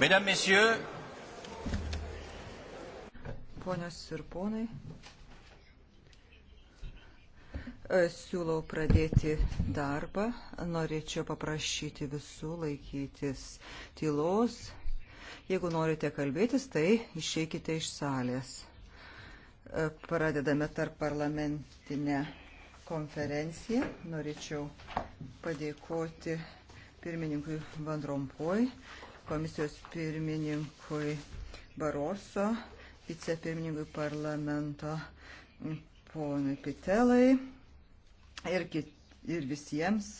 Mesdames, Messieurs. Ponios ir ponai, e, siūlau pradėti darbą. Norėčiau paprašyti visų laikytis tylos. Jeigu norite kalbėtis, tai išeikite iš salės. E, pradedame tarp parlamentinę konferenciją. Norėčiau padėkoti pirmininkui Van Rompoj komisijos pirmininkui Baroso, vicepirmininkui parlamento ponui Pitelai ir, kit, ir visiems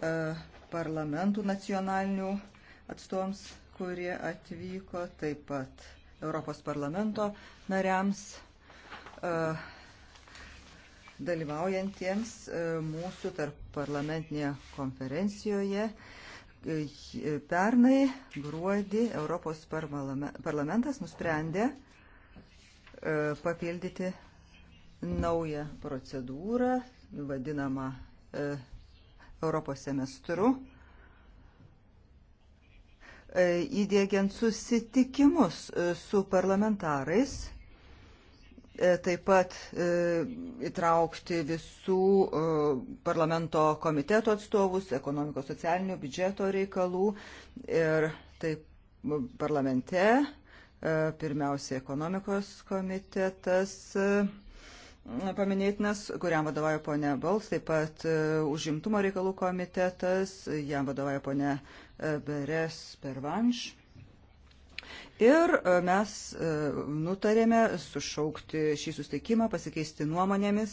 uh, parlamentų nacionalinių atstovams, kurie atvyko, taip pat Europos parlamento nariams. Uh, dalyvaujantiems e, mūsų tarp parlamentinėje konferencijoje Pernai gruodį Europos parlamentas nusprendė e, papildyti naują procedūrą, vadinamą e, Europos semestru, e, įdėgiant susitikimus su parlamentarais E, taip pat e, įtraukti visų e, parlamento komiteto atstovus, ekonomikos socialinių biudžeto reikalų ir taip parlamente, pirmiausia, ekonomikos komitetas paminėtinas, kuriam vadovauja ponė Bals, taip pat užimtumo reikalų komitetas, jam vadovauja ponė Beres Pervanš Ir e, mes e, nutarėme sušaukti šį susitikimą, pasikeisti nuomonėmis.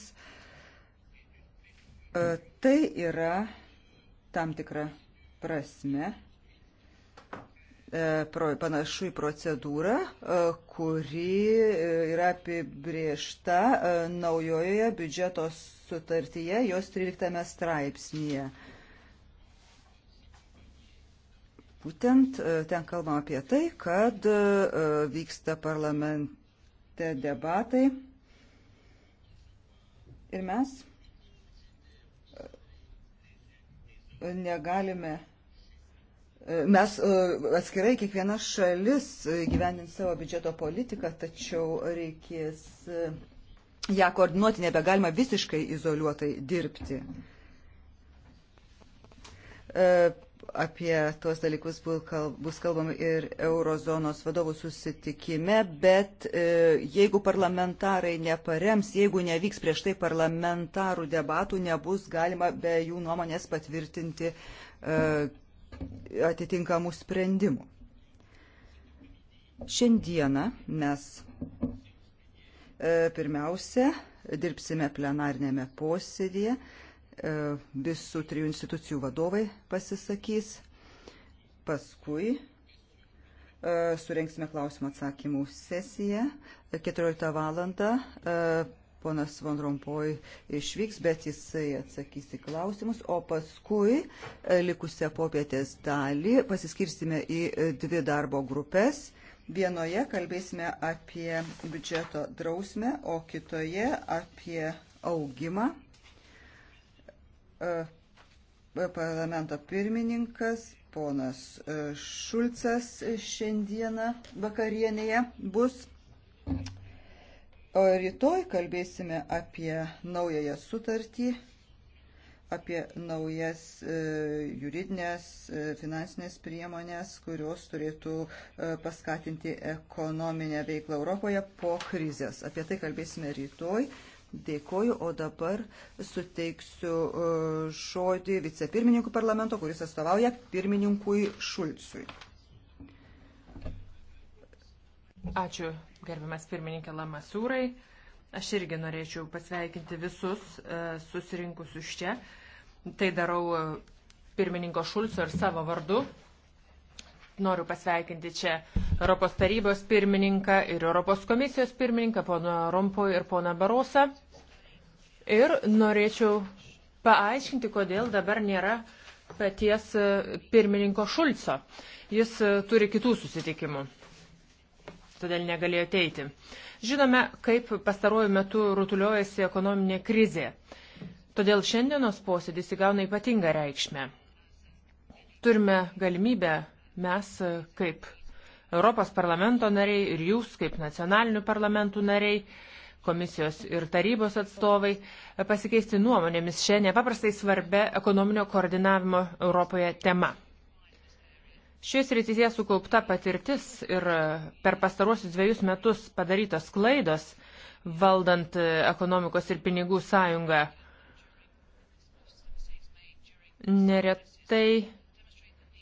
E, tai yra tam tikra prasme panašu į procedūrą, kuri yra apibriešta naujojoje biudžeto sutartyje, jos 13 straipsnėje. Būtent e, ten kalbam apie tai, kad e, e, vyksta parlamente debatai ir mes negalime, mes atskirai kiekviena šalis gyvenint savo biudžeto politiką, tačiau reikės ją koordinuoti, nebegalima visiškai izoliuotai dirbti apie tuos dalykus bus kalbama ir eurozonos vadovų susitikime, bet e, jeigu parlamentarai neparems, jeigu nevyks prieš tai parlamentarų debatų, nebus galima be jų nuomonės patvirtinti e, atitinkamų sprendimų. Šiandieną mes e, pirmiausia dirbsime plenarnėme posėdėje E, visų trijų institucijų vadovai pasisakys. Paskui e, surenksime klausimų atsakymų sesiją. 14 valandą e, ponas Van Rompoj išvyks, bet jisai atsakys į klausimus, o paskui likusią popietės dalį pasiskirstime į dvi darbo grupės. Vienoje kalbėsime apie biudžeto drausmę, o kitoje apie augimą. E, parlamento pirmininkas ponas e, Šulcas šiandieną vakarienėje bus. O rytoj kalbėsime apie naująją sutartį, apie naujas e, juridinės finansinės priemonės, kurios turėtų paskatinti ekonominę veiklą Europoje po krizės. Apie tai kalbėsime rytoj. Dėkoju, o dabar suteiksiu e, žodį vicepirmininkui parlamento, kuris atstovauja pirmininkui Šulcui. Ačiū, gerbiamas pirmininkė Lamasūrai. Aš irgi norėčiau pasveikinti visus e, susirinkusius čia. Tai darau e, pirmininko Šulco ir savo vardu. Noriu pasveikinti čia Europos tarybos pirmininką ir Europos komisijos pirmininką, pono Rompo ir pono Barosą. Ir norėčiau paaiškinti, kodėl dabar nėra paties e, pirmininko Šulco. Jis e, turi kitų susitikimų, todėl negalėjo teiti. Žinome, kaip pastaruoju metu rutuliojasi ekonominė krizė. Todėl šiandienos posėdis įgauna ypatingą reikšmę. Turime galimybę mes e, kaip Europos parlamento nariai ir jūs kaip nacionalinių parlamentų nariai komisijos ir tarybos atstovai pasikeisti nuomonėmis šią nepaprastai svarbę ekonominio koordinavimo Europoje temą. Šioje srityje sukaupta patirtis ir per pastaruosius dviejus metus padarytos klaidos valdant ekonomikos ir pinigų sąjungą neretai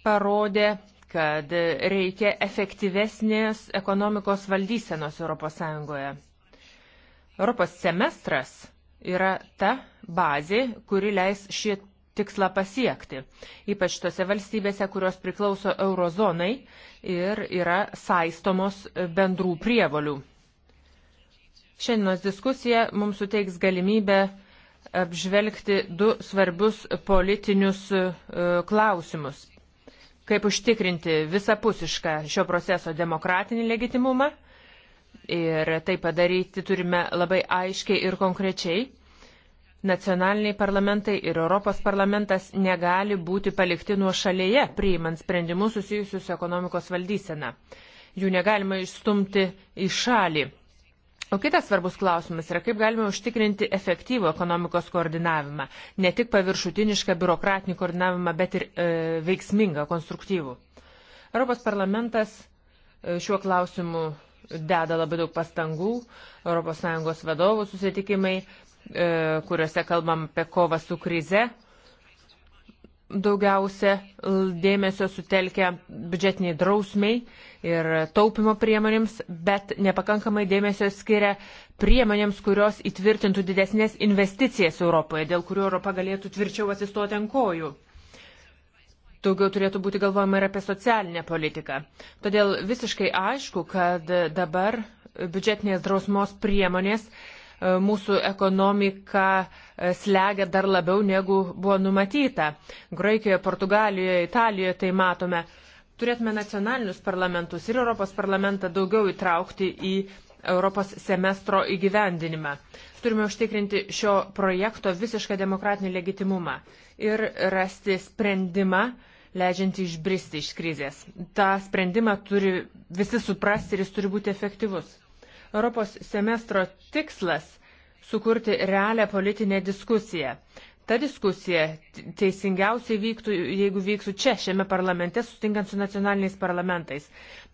parodė, kad reikia efektyvesnės ekonomikos valdysenos ES. Europos semestras yra ta bazė, kuri leis šį tikslą pasiekti, ypač tose valstybėse, kurios priklauso eurozonai ir yra saistomos bendrų prievolių. Šiandienos diskusija mums suteiks galimybę apžvelgti du svarbius politinius e, klausimus. Kaip užtikrinti visapusišką šio proceso demokratinį legitimumą ir tai padaryti turime labai aiškiai ir konkrečiai. Nacionaliniai parlamentai ir Europos parlamentas negali būti palikti nuo šalyje, priimant sprendimus susijusius su ekonomikos valdysena. Jų negalima išstumti į šalį. O kitas svarbus klausimas yra, kaip galime užtikrinti efektyvų ekonomikos koordinavimą. Ne tik paviršutinišką biurokratinį koordinavimą, bet ir e, veiksmingą, konstruktyvų. Europos parlamentas e, šiuo klausimu deda labai daug pastangų, ES vadovų susitikimai, e, kuriuose kalbam apie kovą su krize, daugiausia dėmesio sutelkia biudžetiniai drausmiai ir taupimo priemonėms, bet nepakankamai dėmesio skiria priemonėms, kurios įtvirtintų didesnės investicijas Europoje, dėl kurių Europa galėtų tvirčiau atsistoti ant kojų daugiau turėtų būti galvojama ir apie socialinę politiką. Todėl visiškai aišku, kad dabar biudžetinės drausmos priemonės e, mūsų ekonomiką e, slegia dar labiau negu buvo numatyta. Graikijoje, Portugalijoje, Italijoje tai matome. Turėtume nacionalinius parlamentus ir Europos parlamentą daugiau įtraukti į Europos semestro įgyvendinimą. Turime užtikrinti šio projekto visišką demokratinį legitimumą ir rasti sprendimą, uh, leidžianti išbristi iš krizės. Ta sprendimą turi visi suprasti ir jis turi būti efektyvus. Europos semestro tikslas - sukurti realią politinę diskusiją. Ta diskusija teisingiausiai vyktų, jeigu vyktų čia, šiame parlamente, sutinkant su nacionaliniais parlamentais.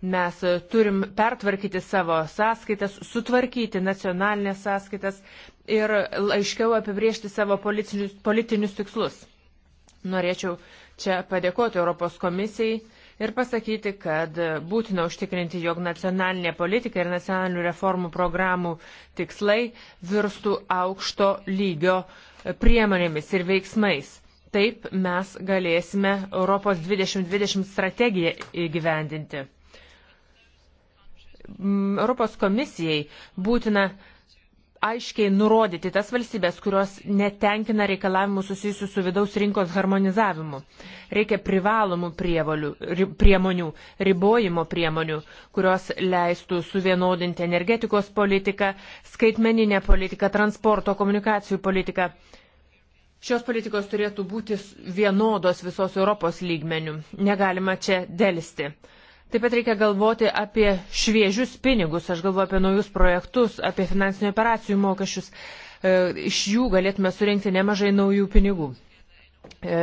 Mes turim pertvarkyti savo sąskaitas, sutvarkyti nacionalinės sąskaitas ir aiškiau apibriežti savo politinius, politinius tikslus. Norėčiau čia padėkoti Europos komisijai ir pasakyti, kad būtina užtikrinti, jog nacionalinė politika ir nacionalinių reformų programų tikslai virstų aukšto lygio priemonėmis ir veiksmais. Taip mes galėsime Europos 2020 strategiją įgyvendinti. Europos komisijai būtina aiškiai nurodyti tas valstybės, kurios netenkina reikalavimų susijusių su vidaus rinkos harmonizavimu. Reikia privalomų prievolių, ri, priemonių, ribojimo priemonių, kurios leistų suvienodinti energetikos politiką, skaitmeninę politiką, transporto, komunikacijų politiką. Šios politikos turėtų būti vienodos visos Europos lygmenių. Negalima čia dėlsti. Taip pat reikia galvoti apie šviežius pinigus, aš galvoju apie naujus projektus, apie finansinių operacijų mokesčius. E, iš jų galėtume surinkti nemažai naujų pinigų. E,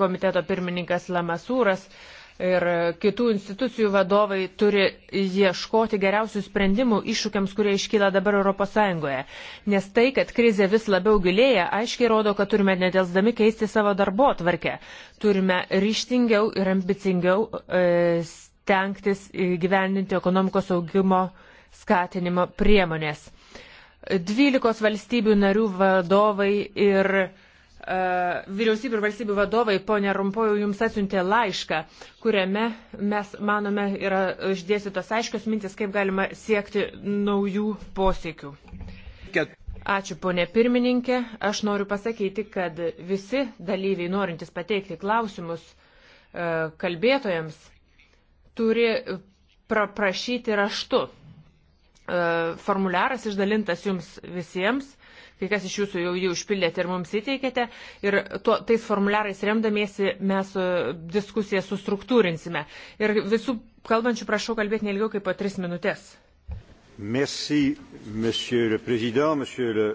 komiteto pirmininkas Lamasūras ir kitų institucijų vadovai turi ieškoti geriausių sprendimų iššūkiams, kurie iškyla dabar ES. Nes tai, kad krizė vis labiau gilėja, aiškiai rodo, kad turime nedelsdami keisti savo darbo atvarkę. Turime ryštingiau ir ambicingiau e, stengtis gyvendinti ekonomikos augimo skatinimo priemonės. 12 valstybių narių vadovai ir E, vyriausybių ir valstybių vadovai, ponė Rumpojų, jums atsiuntė laišką, kuriame mes, manome, yra išdėstytos aiškios mintis, kaip galima siekti naujų posėkių. Ačiū, ponė pirmininkė. Aš noriu pasakyti, kad visi dalyviai, norintys pateikti klausimus e, kalbėtojams, turi prašyti raštu. E, formuliaras išdalintas jums visiems Kai kas iš jūsų jau jį užpildėte ir mums įteikėte. Ir tuo, tais formularais remdamiesi mes e, diskusiją sustruktūrinsime. Ir visų kalbančių prašau kalbėti nelgiau kaip po tris minutės. Merci, monsieur le président, monsieur le...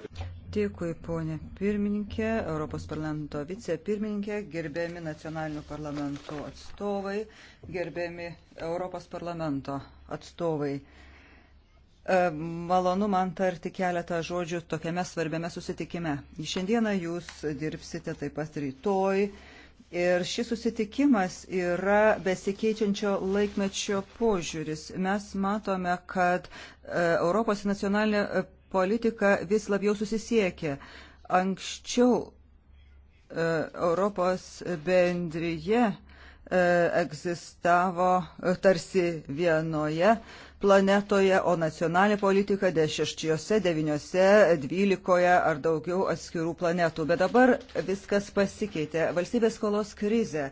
Dėkui, ponė pirmininkė, Europos parlamento vicepirmininkė, gerbėmi nacionalinių parlamentų atstovai, gerbėmi Europos parlamento atstovai. E, malonu man tarti keletą žodžių tokiame svarbiame susitikime. Šiandieną jūs dirbsite taip pat rytoj. Ir šis susitikimas yra besikeičiančio laikmečio požiūris. Mes matome, kad e, Europos nacionalinė politika vis labiau susisiekia. Anksčiau e, Europos bendryje egzistavo tarsi vienoje planetoje, o nacionalinė politika dėl šešiose, deviniuose, dvylikoje ar daugiau atskirų planetų. Bet dabar viskas pasikeitė. Valstybės skolos krizė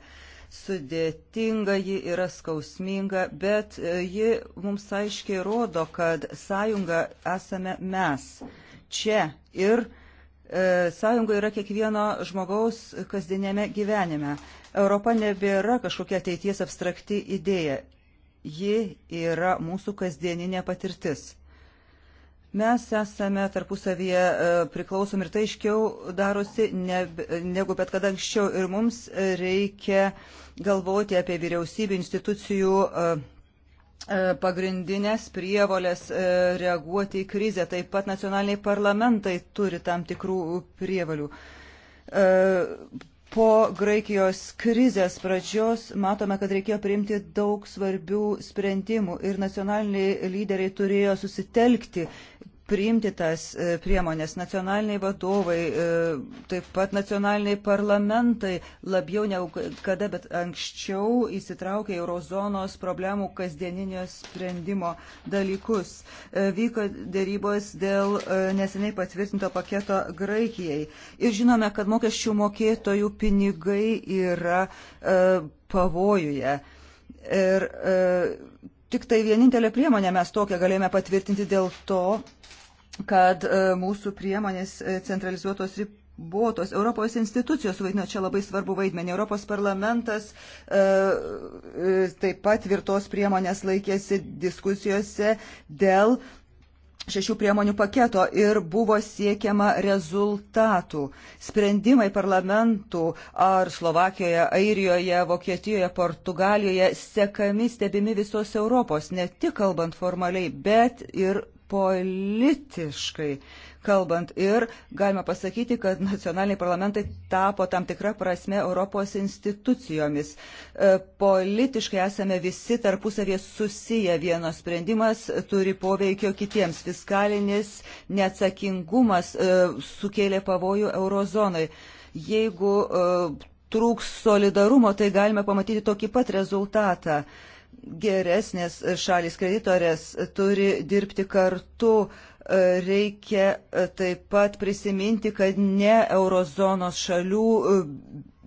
sudėtinga, ji yra skausminga, bet e, ji mums aiškiai rodo, kad sąjunga esame mes čia ir e, sąjunga yra kiekvieno žmogaus kasdienėme gyvenime. Europa nebėra kažkokia ateities abstrakti idėja ji yra mūsų kasdieninė patirtis. Mes esame tarpusavyje e, priklausom ir tai iškiau darosi ne, negu bet kada anksčiau. Ir mums reikia galvoti apie vyriausybių institucijų e, e, pagrindinės prievolės reaguoti į krizę. Taip pat nacionaliniai parlamentai turi tam tikrų prievalių Po Graikijos krizės pradžios matome, kad reikėjo priimti daug svarbių sprendimų ir nacionaliniai lyderiai turėjo susitelkti priimti tas e, priemonės. Nacionaliniai vadovai, e, taip pat nacionaliniai parlamentai labiau negu kada, bet anksčiau įsitraukė eurozonos problemų kasdieninio sprendimo dalykus. E, vyko dėrybos dėl neseniai patvirtinto paketo Graikijai. Ir žinome, kad mokesčių mokėtojų pinigai yra pavojuje. Ir tik tai vienintelė priemonė mes tokią galėjome patvirtinti dėl to kad e, mūsų priemonės e, centralizuotos ribotos. Europos institucijos vaidina čia labai svarbu vaidmenį. Europos parlamentas e, e, taip pat tvirtos priemonės laikėsi diskusijose dėl šešių priemonių paketo ir buvo siekiama rezultatų. Sprendimai parlamentų ar Slovakijoje, Airijoje, Vokietijoje, Portugalijoje sekami, stebimi visos Europos, ne tik kalbant formaliai, bet ir politiškai kalbant. Ir galima pasakyti, kad nacionaliniai parlamentai tapo tam tikrą prasme Europos institucijomis. E, politiškai esame visi tarpusavė susiję. Vienas sprendimas turi poveikio kitiems. Fiskalinis neatsakingumas e, sukėlė pavojų eurozonai. Jeigu e, trūks solidarumo, tai galime pamatyti tokį pat rezultatą. Uh, geresnės šalis kreditorės turi dirbti kartu. Reikia e, taip pat prisiminti, kad ne eurozonos šalių e,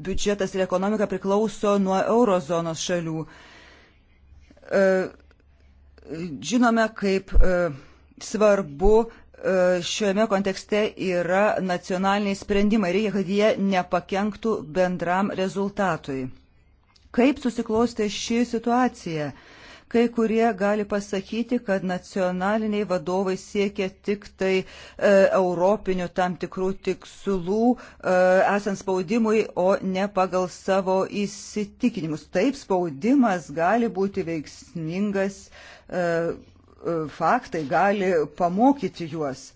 biudžetas ir ekonomika priklauso nuo eurozonos šalių. E, žinome, kaip svarbu šiame kontekste yra nacionaliniai sprendimai. Reikia, kad jie nepakenktų bendram rezultatui. Kaip susiklostė ši situacija? kai kurie gali pasakyti, kad nacionaliniai vadovai siekia tik tai e, europinių tam tikrų tikslų, e, esant spaudimui, o ne pagal savo įsitikinimus. Taip, spaudimas gali būti veiksmingas, e, e, faktai gali pamokyti juos.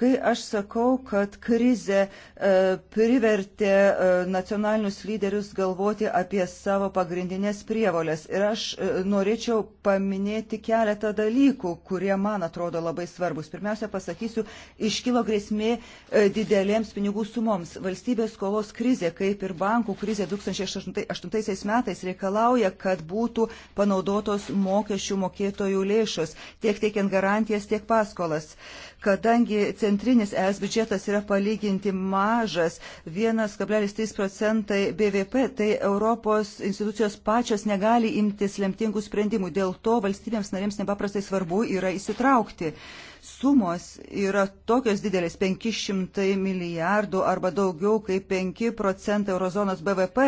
Kai aš sakau, kad krizė e, privertė e, nacionalinius lyderius galvoti apie savo pagrindinės prievolės ir aš e, norėčiau paminėti keletą dalykų, kurie man atrodo labai svarbus. Pirmiausia, pasakysiu, iškilo grėsmė didelėms pinigų sumoms. Valstybės skolos krizė, kaip ir bankų krizė 2008 metais reikalauja, kad būtų panaudotos mokesčių mokėtojų lėšos, tiek teikiant garantijas, tiek paskolas. Uh, Kadangi centrinis ES biudžetas yra palyginti mažas, 1,3 procentai BVP, tai Europos institucijos pačios negali imtis lemtingų sprendimų. Dėl to valstybėms narėms nepaprastai svarbu yra įsitraukti. Uh, sumos yra tokios didelės - 500 milijardų arba daugiau kaip 5 procentai eurozonos BVP,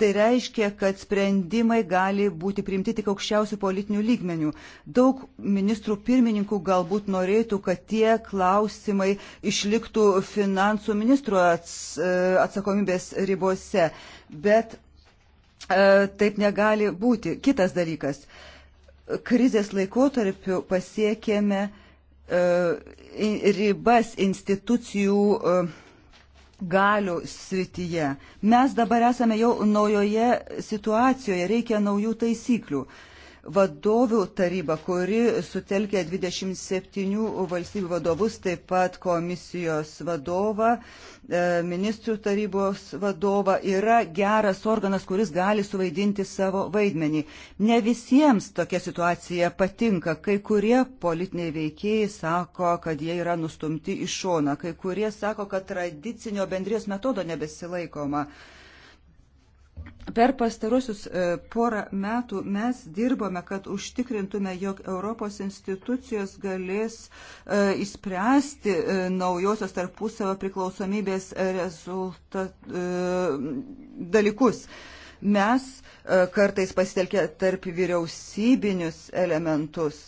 tai reiškia, kad sprendimai gali būti priimti tik aukščiausių politinių lygmenių. Daug ministrų pirmininkų galbūt norėtų, kad tie klausimai išliktų finansų ministro ats, e, atsakomybės ribose, bet e, taip negali būti. Kitas dalykas. Krizės laikotarpiu pasiekėme e, E, ribas institucijų e, galių srityje. Mes dabar esame jau naujoje situacijoje, reikia naujų taisyklių. Uh, vadovų taryba, kuri sutelkia 27 valstybių vadovus, taip pat komisijos vadovą, e, ministrų tarybos vadovą, yra geras organas, kuris gali suvaidinti savo vaidmenį. Ne visiems tokia situacija patinka. Kai kurie politiniai veikėjai sako, kad jie yra nustumti į šoną, kai kurie sako, kad tradicinio bendrijos metodo nebesilaikoma. Per pastarusius e, porą metų mes dirbome, kad užtikrintume, jog Europos institucijos galės įspręsti e, e, naujosios tarpusavio priklausomybės rezultat, dalykus. Mes kartais pasitelkę tarp vyriausybinius elementus.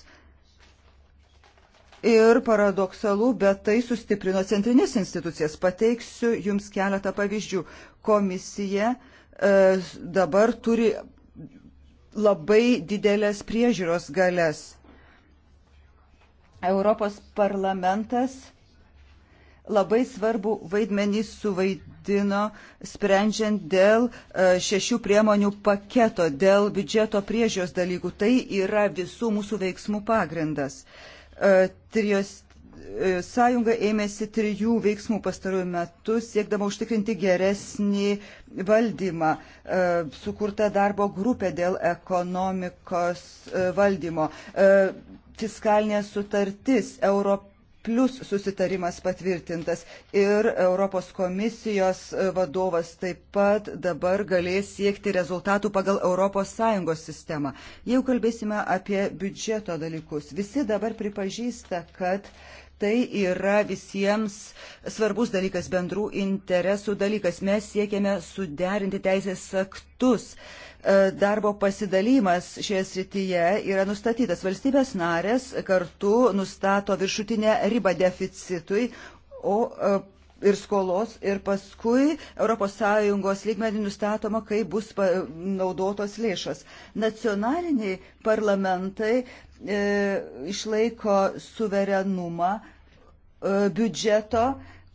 Ir paradoksalu, bet tai sustiprino centrinės institucijas. Pateiksiu Jums keletą pavyzdžių. Komisija uh, E, dabar turi labai didelės priežiūros galės. Europos parlamentas labai svarbu vaidmenį suvaidino sprendžiant dėl e, šešių priemonių paketo, dėl biudžeto priežios dalykų. Tai yra visų mūsų veiksmų pagrindas. E, Trijos E, sąjunga ėmėsi trijų veiksmų pastarųjų metų, siekdama užtikrinti geresnį valdymą, e, sukurta darbo grupė dėl ekonomikos e, valdymo, fiskalinė sutartis, Europos plus susitarimas patvirtintas ir Europos komisijos vadovas taip pat dabar galės siekti rezultatų pagal ES sistemą. Jau kalbėsime apie biudžeto dalykus. Visi dabar pripažįsta, kad tai yra visiems svarbus dalykas, bendrų interesų dalykas. Mes siekiame suderinti teisės aktus. E, darbo pasidalymas šioje srityje yra nustatytas. Valstybės narės kartu nustato viršutinę ribą deficitui, o e, ir skolos ir paskui ES lygmenį nustatoma, kaip bus naudotos lėšas. Nacionaliniai parlamentai e, išlaiko suverenumą e, biudžeto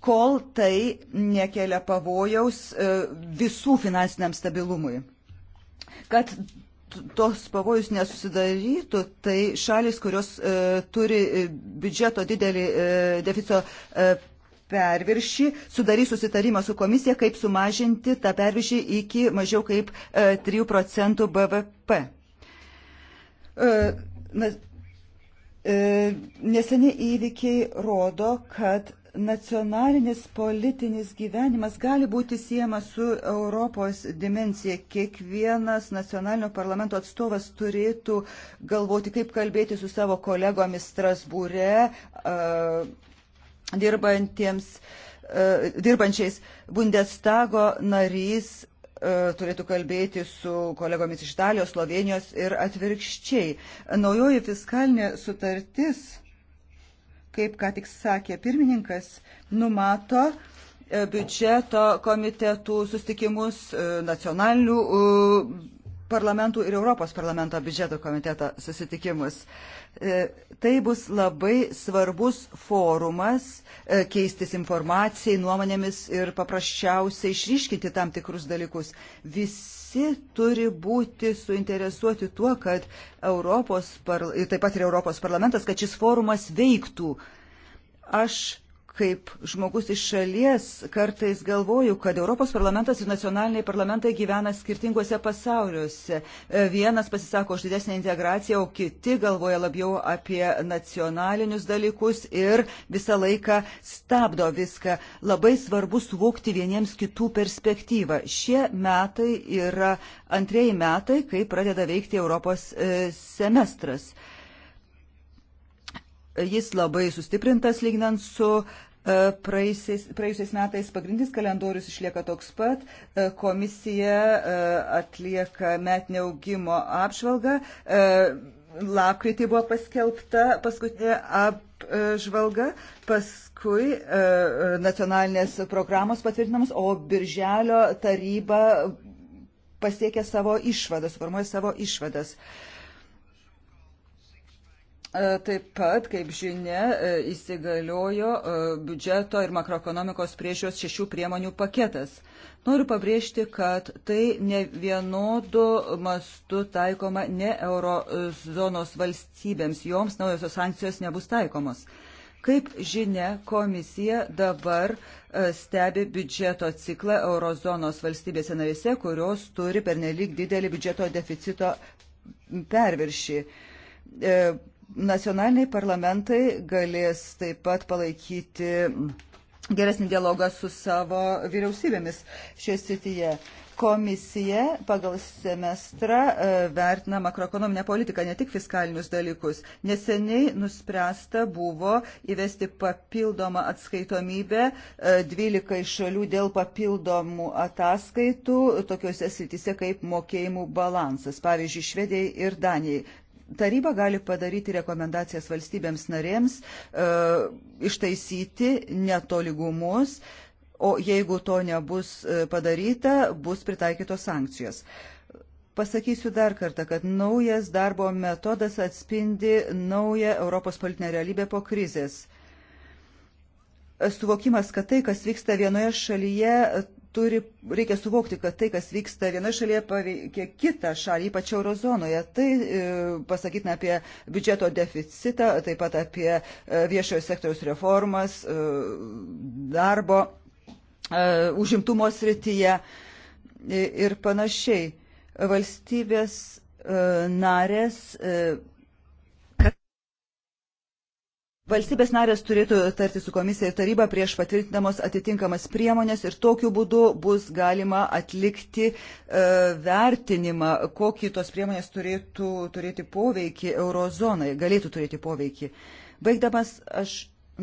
kol tai nekelia pavojaus e, visų finansiniam stabilumui. Kad tos pavojus nesusidarytų, tai šalis, kurios e, turi biudžeto didelį e, deficito e, perviršį, sudarys susitarimą su komisija, kaip sumažinti tą perviršį iki mažiau kaip 3 e, procentų BVP. E, e, neseniai įvykiai rodo, kad nacionalinis politinis gyvenimas gali būti siejamas su Europos dimencija. Kiekvienas nacionalinio parlamento atstovas turėtų galvoti, kaip kalbėti su savo kolegomis Strasbūre, dirbantiems, e, dirbančiais Bundestago narys e, turėtų kalbėti su kolegomis iš Italijos, Slovenijos ir atvirkščiai. Naujoji fiskalinė sutartis, kaip ką tik sakė pirmininkas, numato e, biudžeto komitetų sustikimus nacionalinių parlamentų ir Europos parlamento biudžeto komiteto susitikimus. E, tai bus labai svarbus forumas e, keistis informacijai, nuomonėmis ir paprasčiausiai išryškinti tam tikrus dalykus. Visi turi būti suinteresuoti tuo, kad Europos, parla... taip pat ir Europos parlamentas, kad šis forumas veiktų. Aš kaip žmogus iš šalies kartais galvoju, kad Europos parlamentas ir nacionaliniai parlamentai gyvena skirtinguose pasauliuose. Vienas pasisako už didesnį integraciją, o kiti galvoja labiau apie nacionalinius dalykus ir visą laiką stabdo viską. Labai svarbu suvokti vieniems kitų perspektyvą. Šie metai yra antrieji metai, kai pradeda veikti Europos e, semestras jis labai sustiprintas lygnant su e, Praeisiais, praeisiais metais pagrindinis kalendorius išlieka toks pat, e, komisija e, atlieka metinio augimo apžvalgą, lapkritį buvo paskelbta paskutinė apžvalga, paskui nacionalinės programos patvirtinamos, o birželio taryba pasiekia savo išvadas, formuoja savo išvadas. Uh, E, taip pat, kaip žinia, e, įsigaliojo e, biudžeto ir makroekonomikos priežios šešių priemonių paketas. Noriu pabrėžti, kad tai ne vienodu mastu taikoma ne eurozonos valstybėms, joms naujosios sankcijos nebus taikomos. Kaip žinia, komisija dabar stebi biudžeto ciklą eurozonos valstybėse narėse, kurios turi pernelyg didelį biudžeto deficito perviršį Nacionaliniai parlamentai galės taip pat palaikyti geresnį dialogą su savo vyriausybėmis šioje srityje. Komisija pagal semestrą e, vertina makroekonominę politiką, ne tik fiskalinius dalykus. Neseniai nuspręsta buvo įvesti papildomą atskaitomybę 12 e, šalių dėl papildomų ataskaitų tokiuose srityse kaip mokėjimų balansas, pavyzdžiui, Švedijai ir Danijai taryba gali padaryti rekomendacijas valstybėms narėms, e, ištaisyti netoligumus, o jeigu to nebus e, padaryta, bus pritaikytos sankcijos. Pasakysiu dar kartą, kad naujas darbo metodas atspindi naują Europos politinę realybę po krizės suvokimas, kad tai, kas vyksta vienoje šalyje, turi, reikia suvokti, kad tai, kas vyksta viena šalyje, paveikia kitą šalį, ypač eurozonoje. Tai e, pasakytina apie biudžeto deficitą, taip pat apie e, viešojo sektoriaus reformas, e, darbo, e, užimtumo srityje ir panašiai. Valstybės e, narės e, Valstybės narės turėtų tarti su komisija ir taryba prieš patvirtinamos atitinkamas priemonės ir tokiu būdu bus galima atlikti e, vertinimą, kokį tos priemonės turėtų turėti poveikį eurozonai, galėtų turėti poveikį. Baigdamas, aš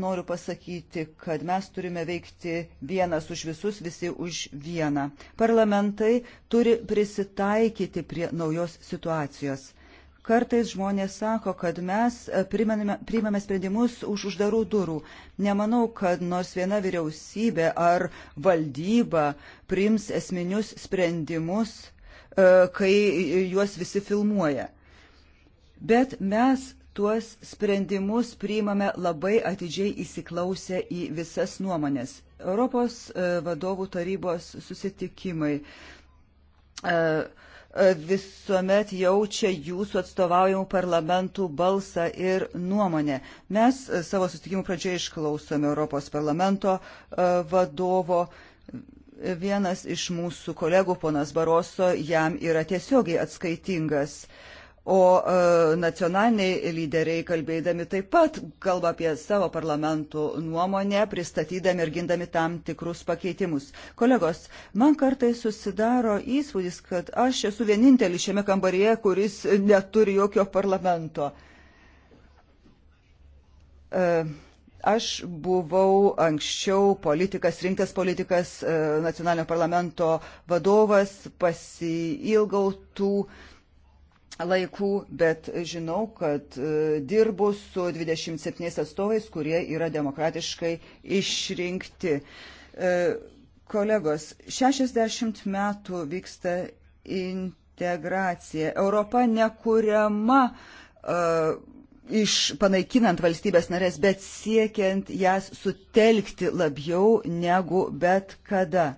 noriu pasakyti, kad mes turime veikti vienas už visus, visi už vieną. Parlamentai turi prisitaikyti prie naujos situacijos. Kartais žmonės sako, kad mes e, priimame sprendimus už uždarų durų. Nemanau, kad nors viena vyriausybė ar valdyba priims esminius sprendimus, e, kai juos visi filmuoja. Bet mes tuos sprendimus priimame labai atidžiai įsiklausę į visas nuomonės. Europos e, vadovų tarybos susitikimai. Uh, visuomet jaučia jūsų atstovaujamų parlamentų balsą ir nuomonę. Mes e, savo sustikimų pradžioje išklausome Europos parlamento e, vadovo. Vienas iš mūsų kolegų, ponas Baroso, jam yra tiesiogiai atskaitingas. Uh, O e, nacionaliniai lyderiai kalbėdami taip pat kalba apie savo parlamentų nuomonę, pristatydami ir gindami tam tikrus pakeitimus. Kolegos, man kartai susidaro įspūdis, kad aš esu vienintelis šiame kambaryje, kuris neturi jokio parlamento. E, aš buvau anksčiau politikas, rinktas politikas, e, nacionalinio parlamento vadovas, pasilgau tų laikų, bet žinau, kad e, dirbu su 27 atstovais, kurie yra demokratiškai išrinkti. E, kolegos, 60 metų vyksta integracija. Europa nekuriama e, iš panaikinant valstybės narės, bet siekiant jas sutelkti labiau negu bet kada.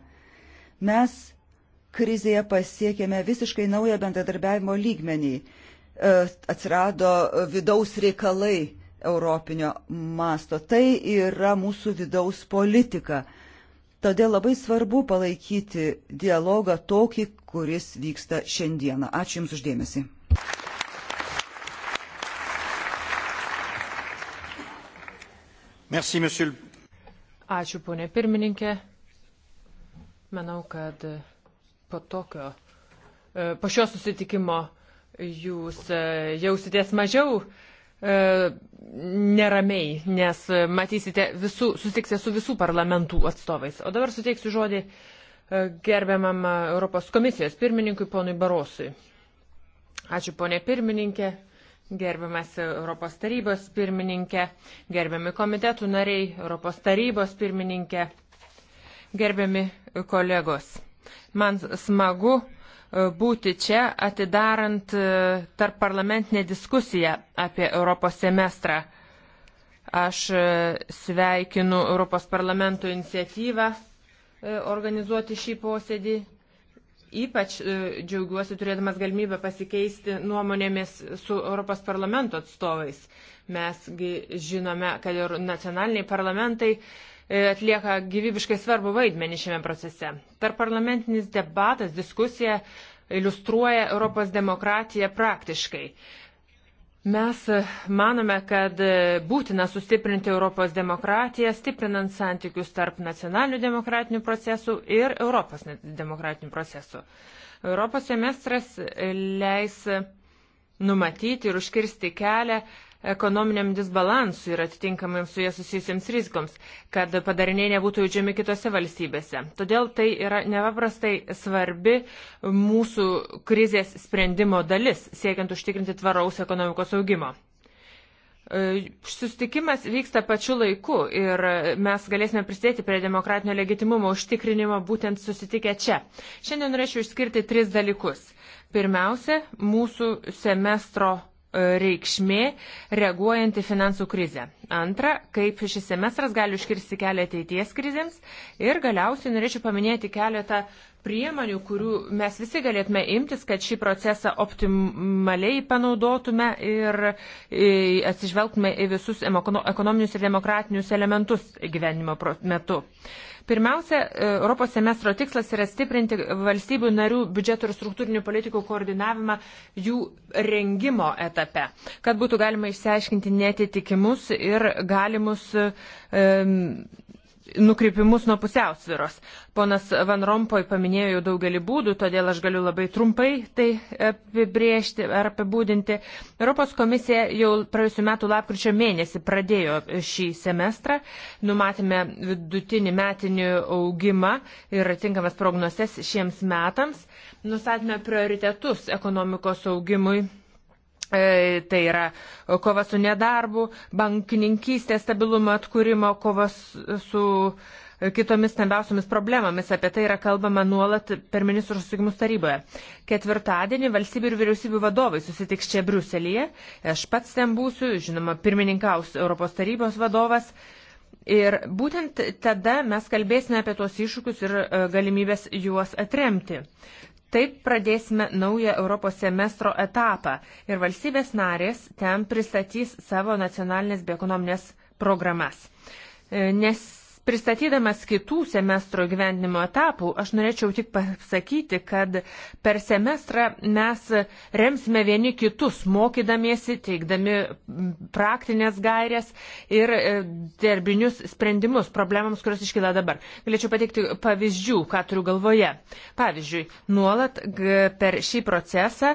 Mes krizėje pasiekėme visiškai naują bendradarbiavimo lygmenį. E, atsirado vidaus reikalai europinio masto. Tai yra mūsų vidaus politika. Todėl labai svarbu palaikyti dialogą tokį, kuris vyksta šiandieną. Ačiū Jums uždėmesi. Merci, monsieur. Ačiū, ponė pirmininkė. Manau, kad po tokio, e, po šio susitikimo jūs e, jausitės mažiau e, neramiai, nes matysite visų, susitiksite su visų parlamentų atstovais. O dabar suteiksiu žodį gerbiamam Europos komisijos pirmininkui ponui Barosui. Ačiū ponė pirmininkė, gerbiamas Europos tarybos pirmininkė, gerbiami komitetų nariai, Europos tarybos pirmininkė, gerbiami kolegos. Man smagu e, būti čia atidarant e, tarp parlamentinę diskusiją apie Europos semestrą. Aš e, sveikinu Europos parlamento iniciatyvą organizuoti šį posėdį. Ypač džiaugiuosi turėdamas galimybę pasikeisti nuomonėmis su Europos parlamento atstovais. Mesgi žinome, kad ir nacionaliniai parlamentai uh, E, atlieka gyvybiškai svarbu vaidmenį šiame procese. Tarp parlamentinis debatas, diskusija iliustruoja Europos demokratiją praktiškai. Mes e, manome, kad e, būtina sustiprinti Europos demokratiją, stiprinant santykius tarp nacionalinių demokratinių procesų ir Europos demokratinių procesų. Europos semestras leis numatyti ir užkirsti kelią ekonominiam disbalansui ir atitinkamai su jie susijusiems rizikoms, kad padariniai nebūtų jaučiami kitose valstybėse. Todėl tai yra nepaprastai svarbi mūsų krizės sprendimo dalis, siekiant užtikrinti tvaraus ekonomikos augimo. E, Sustikimas vyksta pačiu laiku ir mes galėsime prisidėti prie demokratinio legitimumo užtikrinimo būtent susitikę čia. Šiandien norėčiau išskirti tris dalykus. Pirmiausia, mūsų semestro reikšmė reaguojant į finansų krizę. Antra, kaip šis semestras gali užkirsti kelią ateities krizėms. Ir galiausiai norėčiau paminėti keletą priemonių, kurių mes visi galėtume imtis, kad šį procesą optimaliai panaudotume ir e, atsižvelgtume į visus ekonominius ir demokratinius elementus gyvenimo metu. Pirmiausia, e, Europos semestro tikslas yra stiprinti valstybių narių biudžeto ir struktūrinių politikų koordinavimą jų rengimo etape, kad būtų galima išsiaiškinti netitikimus ir galimus um, nukreipimus nuo pusiausviros. Ponas Van Rompoj paminėjo jau daugelį būdų, todėl aš galiu labai trumpai tai apibriežti ar apibūdinti. Europos komisija jau praėjusiu metu lapkričio mėnesį pradėjo šį semestrą, numatėme vidutinį metinį augimą ir atinkamas prognozes šiems metams, nustatėme prioritetus ekonomikos augimui E, tai yra kova su nedarbu, bankininkystės stabilumo atkūrimo, kova su kitomis stambiausiamis problemomis. Apie tai yra kalbama nuolat per ministrų susitikimus taryboje. Ketvirtadienį valstybių ir vyriausybių vadovai susitiks čia Briuselėje. Aš pats ten būsiu, žinoma, pirmininkaus Europos tarybos vadovas. Ir būtent tada mes kalbėsime apie tuos iššūkius ir e, galimybės juos atremti. Taip pradėsime naują Europos semestro etapą ir valstybės narės ten pristatys savo nacionalinės bioekonominės programas. E, nes Pristatydamas kitų semestro gyvendimo etapų, aš norėčiau tik pasakyti, kad per semestrą mes remsime vieni kitus, mokydamiesi, teikdami praktinės gairės ir e, darbinius sprendimus problemams, kurios iškyla dabar. Galėčiau pateikti pavyzdžių, ką turiu galvoje. Pavyzdžiui, nuolat per šį procesą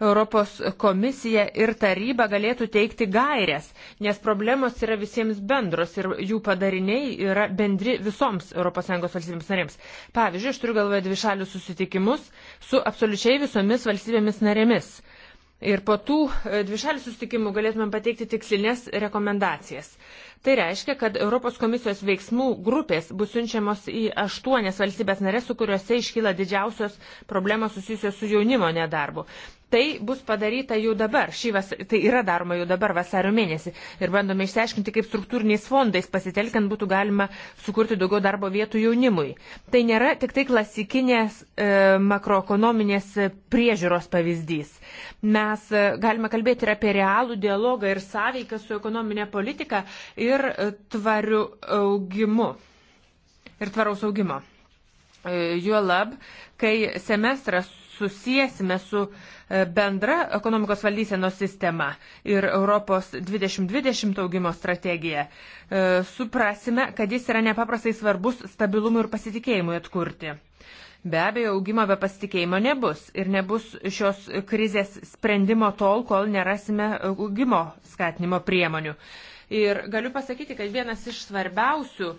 Europos komisija ir taryba galėtų teikti gairias, nes problemos yra visiems bendros ir jų padariniai yra bendri visoms ES valstybėms narėms. Pavyzdžiui, aš turiu galvoje dvišalių susitikimus su absoliučiai visomis valstybėmis narėmis. Ir po tų e, dvišalių susitikimų galėtumėm pateikti tikslinės rekomendacijas. Uh, Tai reiškia, kad Europos komisijos veiksmų grupės bus siunčiamos į aštuonias valstybės narės, su kuriuose iškyla didžiausios problemos susijusios su jaunimo nedarbu. Tai bus padaryta jau dabar, vas, tai yra daroma jau dabar vasario mėnesį ir bandome išsiaiškinti, kaip struktūriniais fondais pasitelkiant būtų galima sukurti daugiau darbo vietų jaunimui. Tai nėra tik tai klasikinės e, makroekonominės priežiūros pavyzdys. Mes e, galime kalbėti ir apie realų dialogą ir sąveiką su ekonominė politika ir e, tvariu augimu. Ir tvaraus augimo. E, Juolab, kai semestras susijęsime su bendra ekonomikos valdysenos sistema ir Europos 2020 augimo strategija, suprasime, kad jis yra nepaprastai svarbus stabilumui ir pasitikėjimui atkurti. Be abejo, augimo be pasitikėjimo nebus ir nebus šios krizės sprendimo tol, kol nerasime augimo skatinimo priemonių. Ir galiu pasakyti, kad vienas iš svarbiausių e,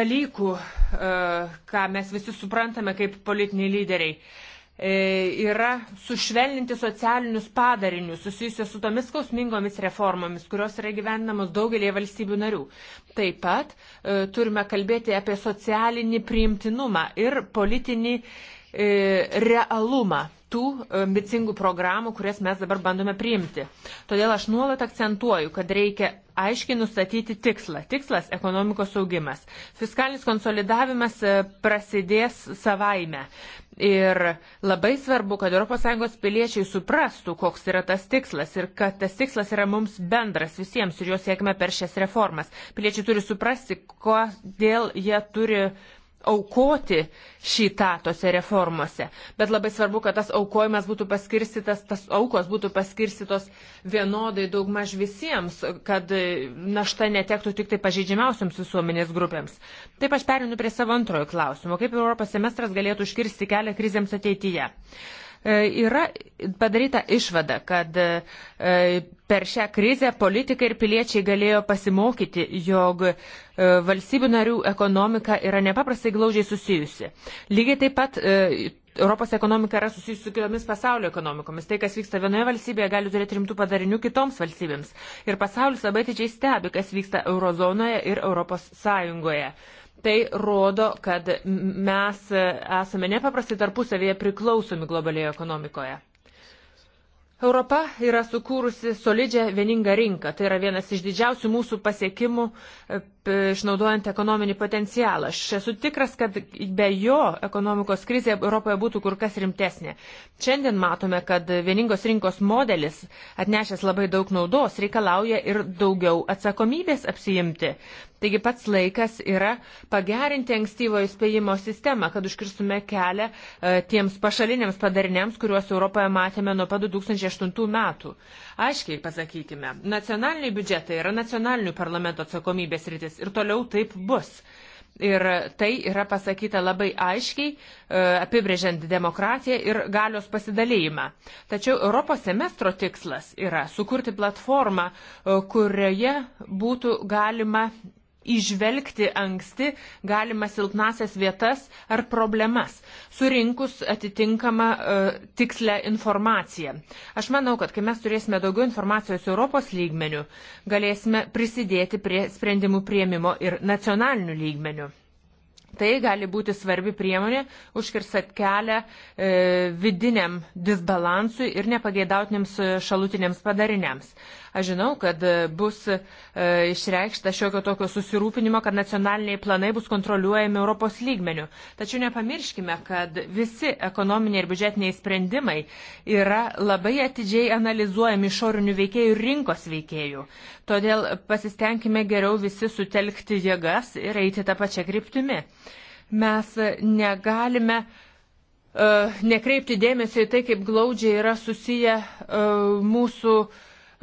dalykų, e, ką mes visi suprantame kaip politiniai lyderiai, E, yra sušvelninti socialinius padarinius susijusios su tomis skausmingomis reformomis, kurios yra gyvenamos daugelį valstybių narių. Taip pat e, turime kalbėti apie socialinį priimtinumą ir politinį E, realumą tų e, ambicingų programų, kurias mes dabar bandome priimti. Todėl aš nuolat akcentuoju, kad reikia aiškiai nustatyti tikslą. Tikslas - ekonomikos augimas. Fiskalinis konsolidavimas e, prasidės savaime. Ir labai svarbu, kad ES piliečiai suprastų, koks yra tas tikslas ir kad tas tikslas yra mums bendras visiems ir jo siekime per šias reformas. Piliečiai turi suprasti, kodėl jie turi aukoti šitą tose reformose. Bet labai svarbu, kad tas aukojimas būtų paskirstytas, tas aukos būtų paskirstytos vienodai daugmaž visiems, kad e, našta netektų tik tai pažeidžiamiausiams visuomenės grupėms. Taip aš perinu prie savo antrojo klausimo. Kaip Europos semestras galėtų užkirsti kelią krizėms ateityje? Uh, E, yra padaryta išvada, kad e, per šią krizę politikai ir piliečiai galėjo pasimokyti, jog e, valstybių narių ekonomika yra nepaprastai glaudžiai susijusi. Lygiai taip pat Europos ekonomika yra susijusi su kitomis pasaulio ekonomikomis. Tai, kas vyksta vienoje valstybėje, gali turėti rimtų padarinių kitoms valstybėms. Ir pasaulis labai didžiai stebi, kas vyksta eurozonoje ir Europos Sąjungoje. Tai rodo, kad mes esame nepaprastai tarpusavėje priklausomi globalioje ekonomikoje. Europa yra sukūrusi solidžią vieningą rinką. Tai yra vienas iš didžiausių mūsų pasiekimų E, išnaudojant ekonominį potencialą. Aš esu tikras, kad be jo ekonomikos krizė Europoje būtų kur kas rimtesnė. Šiandien matome, kad vieningos rinkos modelis, atnešęs labai daug naudos, reikalauja ir daugiau atsakomybės apsijimti. Taigi pats laikas yra pagerinti ankstyvo įspėjimo sistemą, kad užkirstume kelią e, tiems pašaliniams padariniams, kuriuos Europoje matėme nuo pat 2008 metų. Aiškiai pasakykime, nacionaliniai biudžetai yra nacionalinių parlamento atsakomybės rytis šalis ir toliau taip bus. Ir tai yra pasakyta labai aiškiai, e, apibrėžiant demokratiją ir galios pasidalėjimą. Tačiau Europos semestro tikslas yra sukurti platformą, e, kurioje būtų galima išvelgti anksti galima silpnasias vietas ar problemas, surinkus atitinkamą e, tikslę informaciją. Aš manau, kad kai mes turėsime daugiau informacijos Europos lygmenių, galėsime prisidėti prie sprendimų prieimimo ir nacionalinių lygmenių. Tai gali būti svarbi priemonė užkirsat kelią e, vidiniam disbalansui ir nepageidautiniams e, šalutiniams padariniams. Aš žinau, kad e, bus e, išreikšta šiokio tokio susirūpinimo, kad nacionaliniai planai bus kontroliuojami Europos lygmenių. Tačiau nepamirškime, kad visi ekonominiai ir biudžetiniai sprendimai yra labai atidžiai analizuojami išorinių veikėjų ir rinkos veikėjų. Todėl pasistengime geriau visi sutelkti jėgas ir eiti tą pačią kryptimį. Mes negalime e, nekreipti dėmesio į tai, kaip glaudžiai yra susiję e, mūsų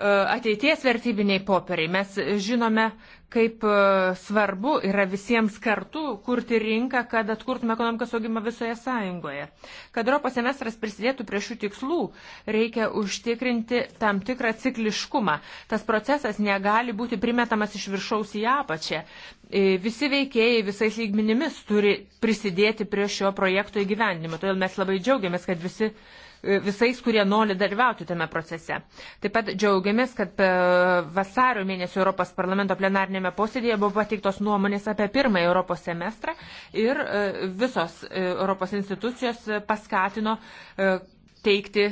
ateities vertybiniai popieriai. Mes žinome, kaip e, svarbu yra visiems kartu kurti rinką, kad atkurtume ekonomikos augimą visoje sąjungoje. Kad Europos semestras prisidėtų prie šių tikslų, reikia užtikrinti tam tikrą cikliškumą. Tas procesas negali būti primetamas iš viršaus į apačią. E, visi veikėjai visais lygminimis turi prisidėti prie šio projekto įgyvendinimo. Todėl mes labai džiaugiamės, kad visi visais, kurie nori dalyvauti tame procese. Taip pat džiaugiamės, kad vasario mėnesio Europos parlamento plenarnėme posėdėje buvo pateiktos nuomonės apie pirmąjį Europos semestrą ir e, visos e, Europos institucijos paskatino e, teikti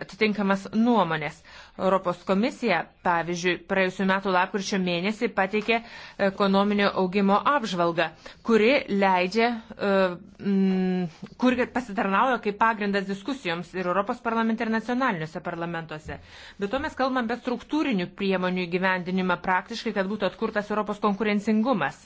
atitinkamas nuomonės. Europos komisija, pavyzdžiui, praėjusiu metu lapkričio mėnesį pateikė ekonominio augimo apžvalgą, kuri leidžia, e, mm, kuri pasitarnauja kaip pagrindas diskusijoms ir Europos parlamente ir nacionaliniuose parlamentuose. Bet to mes kalbam apie struktūrinių priemonių įgyvendinimą praktiškai, kad būtų atkurtas Europos konkurencingumas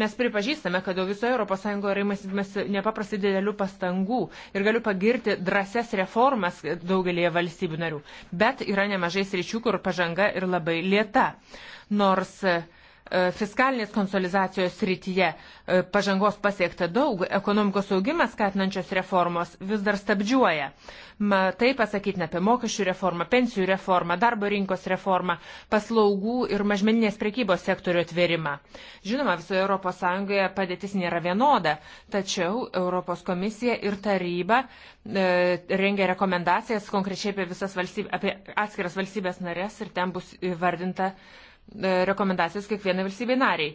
Mes pripažįstame, kad jau visoje ES yra įmasimas nepaprastai didelių pastangų ir galiu pagirti drąses reformas daugelėje valstybių narių. Bet yra nemažai sričių, kur pažanga ir labai lieta. Nors uh, E, fiskalinės konsolizacijos srityje e, pažangos pasiekta daug, ekonomikos augimas skatinančios reformos vis dar stabdžiuoja. Ma, tai pasakytina apie mokesčių reformą, pensijų reformą, darbo rinkos reformą, paslaugų ir mažmeninės prekybos sektorių atvėrimą. Žinoma, visoje ES padėtis nėra vienoda, tačiau Europos komisija ir taryba e, rengia rekomendacijas konkrečiai apie, valstybė, apie atskiras valstybės narės ir ten bus įvardinta E, rekomendacijas kiekvienai valstybei nariai.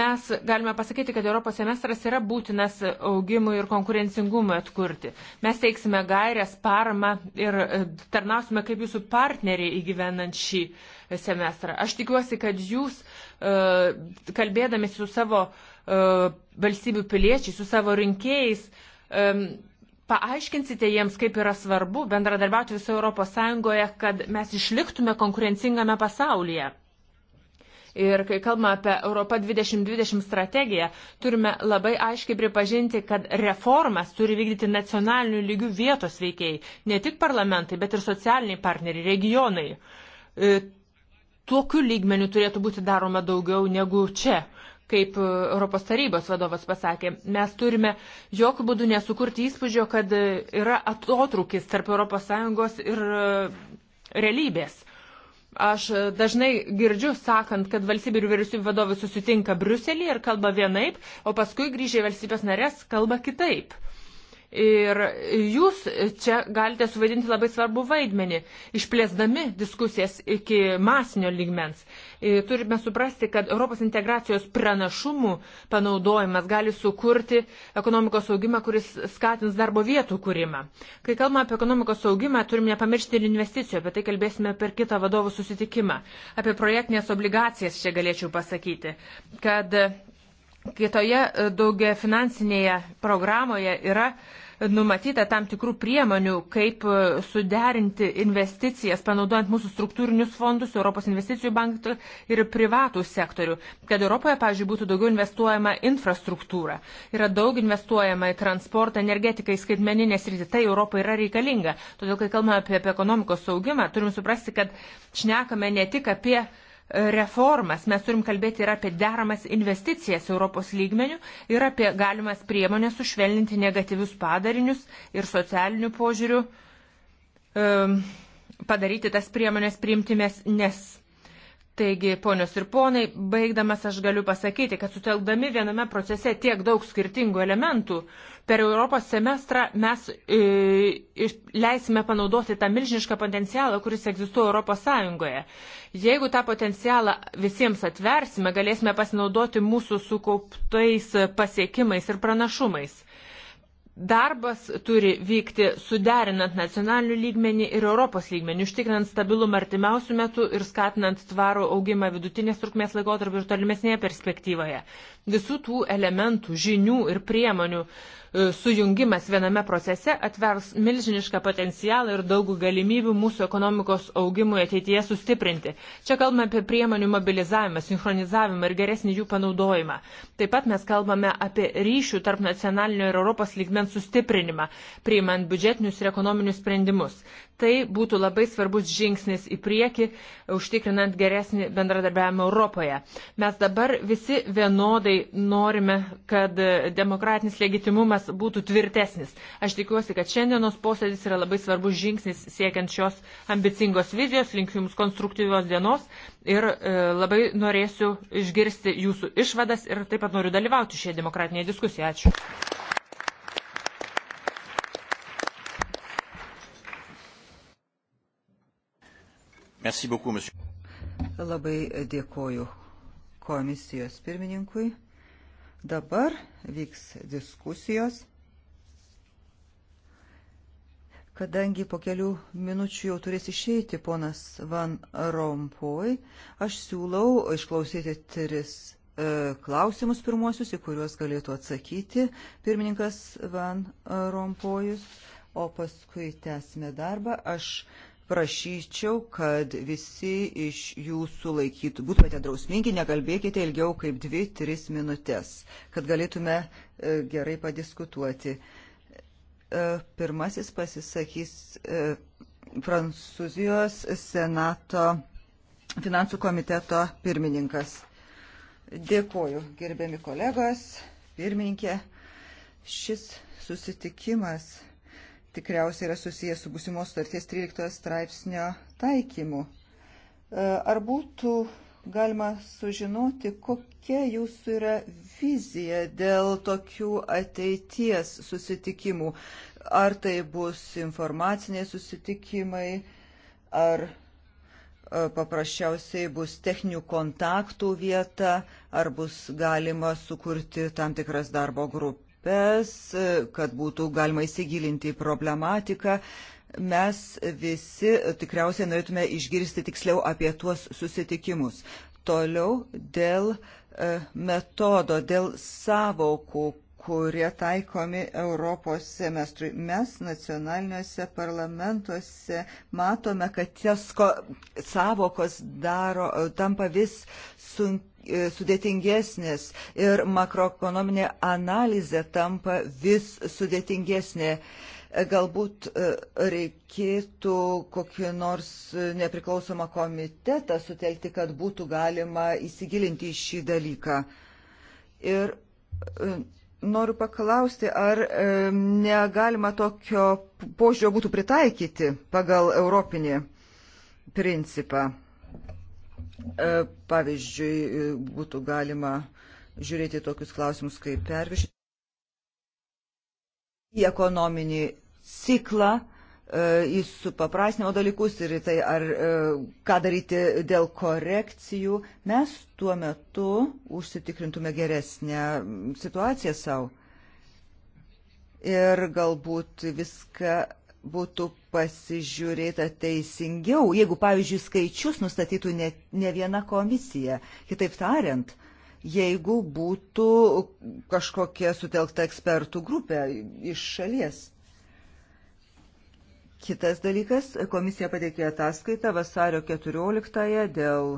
Mes galime pasakyti, kad Europos semestras yra būtinas augimui ir konkurencingumui atkurti. Mes teiksime gairias, paramą ir e, tarnausime kaip jūsų partneriai įgyvenant šį semestrą. Aš tikiuosi, kad jūs, e, kalbėdami su savo valstybių piliečiais, su savo rinkėjais, paaiškinsite jiems, kaip yra svarbu bendradarbiauti visoje Europos Sąjungoje, kad mes išliktume konkurencingame pasaulyje. Ir kai kalbame apie Europą 2020 strategiją, turime labai aiškiai pripažinti, kad reformas turi vykdyti nacionalinių lygių vietos veikiai, ne tik parlamentai, bet ir socialiniai partneriai, regionai. E, tokiu lygmeniu turėtų būti daroma daugiau negu čia kaip e, Europos tarybos vadovas pasakė, mes turime jokių būdų nesukurti įspūdžio, kad yra atotrukis tarp ES ir e, realybės. Aš e, dažnai girdžiu sakant, kad valstybių ir vyriausybių vadovai susitinka Bruselį ir kalba vienaip, o paskui grįžę į valstybės narės kalba kitaip. Ir jūs čia galite suvaidinti labai svarbu vaidmenį, išplėsdami diskusijas iki masinio lygmens. Uh, E, turime suprasti, kad Europos integracijos pranašumų panaudojimas gali sukurti ekonomikos augimą, kuris skatins darbo vietų kūrimą. Kai kalbame apie ekonomikos augimą, turime nepamiršti ir investicijų, apie tai kalbėsime per kitą vadovų susitikimą. Apie projektinės obligacijas čia galėčiau pasakyti, kad kitoje e, daugia finansinėje programoje yra numatyta tam tikrų priemonių, kaip e, suderinti investicijas, panaudojant mūsų struktūrinius fondus, Europos investicijų banką ir privatų sektorių, kad Europoje, pavyzdžiui, būtų daugiau investuojama infrastruktūra. Yra daug investuojama į transportą, energetiką, į skaitmeninę sritį. Tai Europoje yra reikalinga. Todėl, kai kalbame apie, apie ekonomikos saugimą, turim suprasti, kad šnekame ne tik apie uh, reformas. Mes turim kalbėti ir apie deramas investicijas Europos lygmenių ir apie galimas priemonės sušvelninti negatyvius padarinius ir socialinių požiūrių padaryti tas priemonės priimtimės, nes Taigi, ponios ir ponai, baigdamas aš galiu pasakyti, kad sutelkdami viename procese tiek daug skirtingų elementų, Per Europos semestrą mes e, leisime panaudoti tą milžinišką potencialą, kuris egzistuoja Europos Sąjungoje. Jeigu tą potencialą visiems atversime, galėsime pasinaudoti mūsų sukauptais pasiekimais ir pranašumais. Darbas turi vykti suderinant nacionalinių lygmenį ir Europos lygmenį, užtikrinant stabilumą artimiausių metų ir skatinant tvarų augimą vidutinės trukmės laikotarpį ir tolimesnėje perspektyvoje. Visų tų elementų, žinių ir priemonių e, sujungimas viename procese atvers milžinišką potencialą ir daug galimybių mūsų ekonomikos augimui ateityje sustiprinti. Čia kalbame apie priemonių mobilizavimą, sinchronizavimą ir geresnį jų panaudojimą. Taip pat mes kalbame apie ryšių tarp nacionalinio ir Europos lygmens sustiprinimą, priimant biudžetinius ir ekonominius sprendimus tai būtų labai svarbus žingsnis į priekį, užtikrinant geresnį bendradarbiavimą Europoje. Mes dabar visi vienodai norime, kad demokratinis legitimumas būtų tvirtesnis. Aš tikiuosi, kad šiandienos posėdis yra labai svarbus žingsnis siekiant šios ambicingos vizijos, linkiu Jums konstruktyvios dienos ir e, labai norėsiu išgirsti Jūsų išvadas ir taip pat noriu dalyvauti šioje demokratinėje diskusijoje. Ačiū. Merci beaucoup, monsieur. Labai dėkoju komisijos pirmininkui. Dabar vyks diskusijos. Kadangi po kelių minučių jau turės išeiti ponas Van Rompuy, aš siūlau išklausyti tris e, klausimus pirmuosius, į kuriuos galėtų atsakyti pirmininkas Van Rompuyus, o paskui tęsime darbą. Aš e, prašyčiau, kad visi iš jūsų laikytų. Būtumėte drausmingi, nekalbėkite ilgiau kaip 2-3 minutės, kad galėtume e, gerai padiskutuoti. E, pirmasis pasisakys e, Prancūzijos Senato finansų komiteto pirmininkas. Dėkoju, gerbiami kolegos, pirmininkė. Šis susitikimas tikriausiai yra susijęs su būsimos sutarties 13 straipsnio taikymu. E, ar būtų galima sužinoti, kokia jūsų yra vizija dėl tokių ateities susitikimų? Ar tai bus informaciniai susitikimai, ar e, paprasčiausiai bus techninių kontaktų vieta, ar bus galima sukurti tam tikras darbo grupės? grupės, kad būtų galima įsigilinti į problematiką. Mes visi tikriausiai norėtume išgirsti tiksliau apie tuos susitikimus. Toliau dėl e, metodo, dėl savokų, kurie taikomi Europos semestrui. Mes nacionaliniuose parlamentuose matome, kad ties savokos daro, tampa vis sunkiau E, sudėtingesnės ir makroekonominė analizė tampa vis sudėtingesnė. E, galbūt e, reikėtų kokį nors nepriklausomą komitetą sutelkti, kad būtų galima įsigilinti į šį dalyką. Ir noriu paklausti, ar negalima tokio požiūrio būtų pritaikyti pagal europinį principą. E, pavyzdžiui, e, būtų galima žiūrėti tokius klausimus kaip pervišį į ekonominį ciklą, e, į supaprasnimo dalykus ir tai, ar ką daryti dėl korekcijų, mes tuo metu užsitikrintume geresnę situaciją savo. Ir galbūt viską būtų pasižiūrėta teisingiau, jeigu, pavyzdžiui, skaičius nustatytų ne, ne viena komisija. Kitaip tariant, jeigu būtų kažkokia sutelkta ekspertų grupė iš šalies. Kitas dalykas, komisija pateikė ataskaitą vasario 14 dėl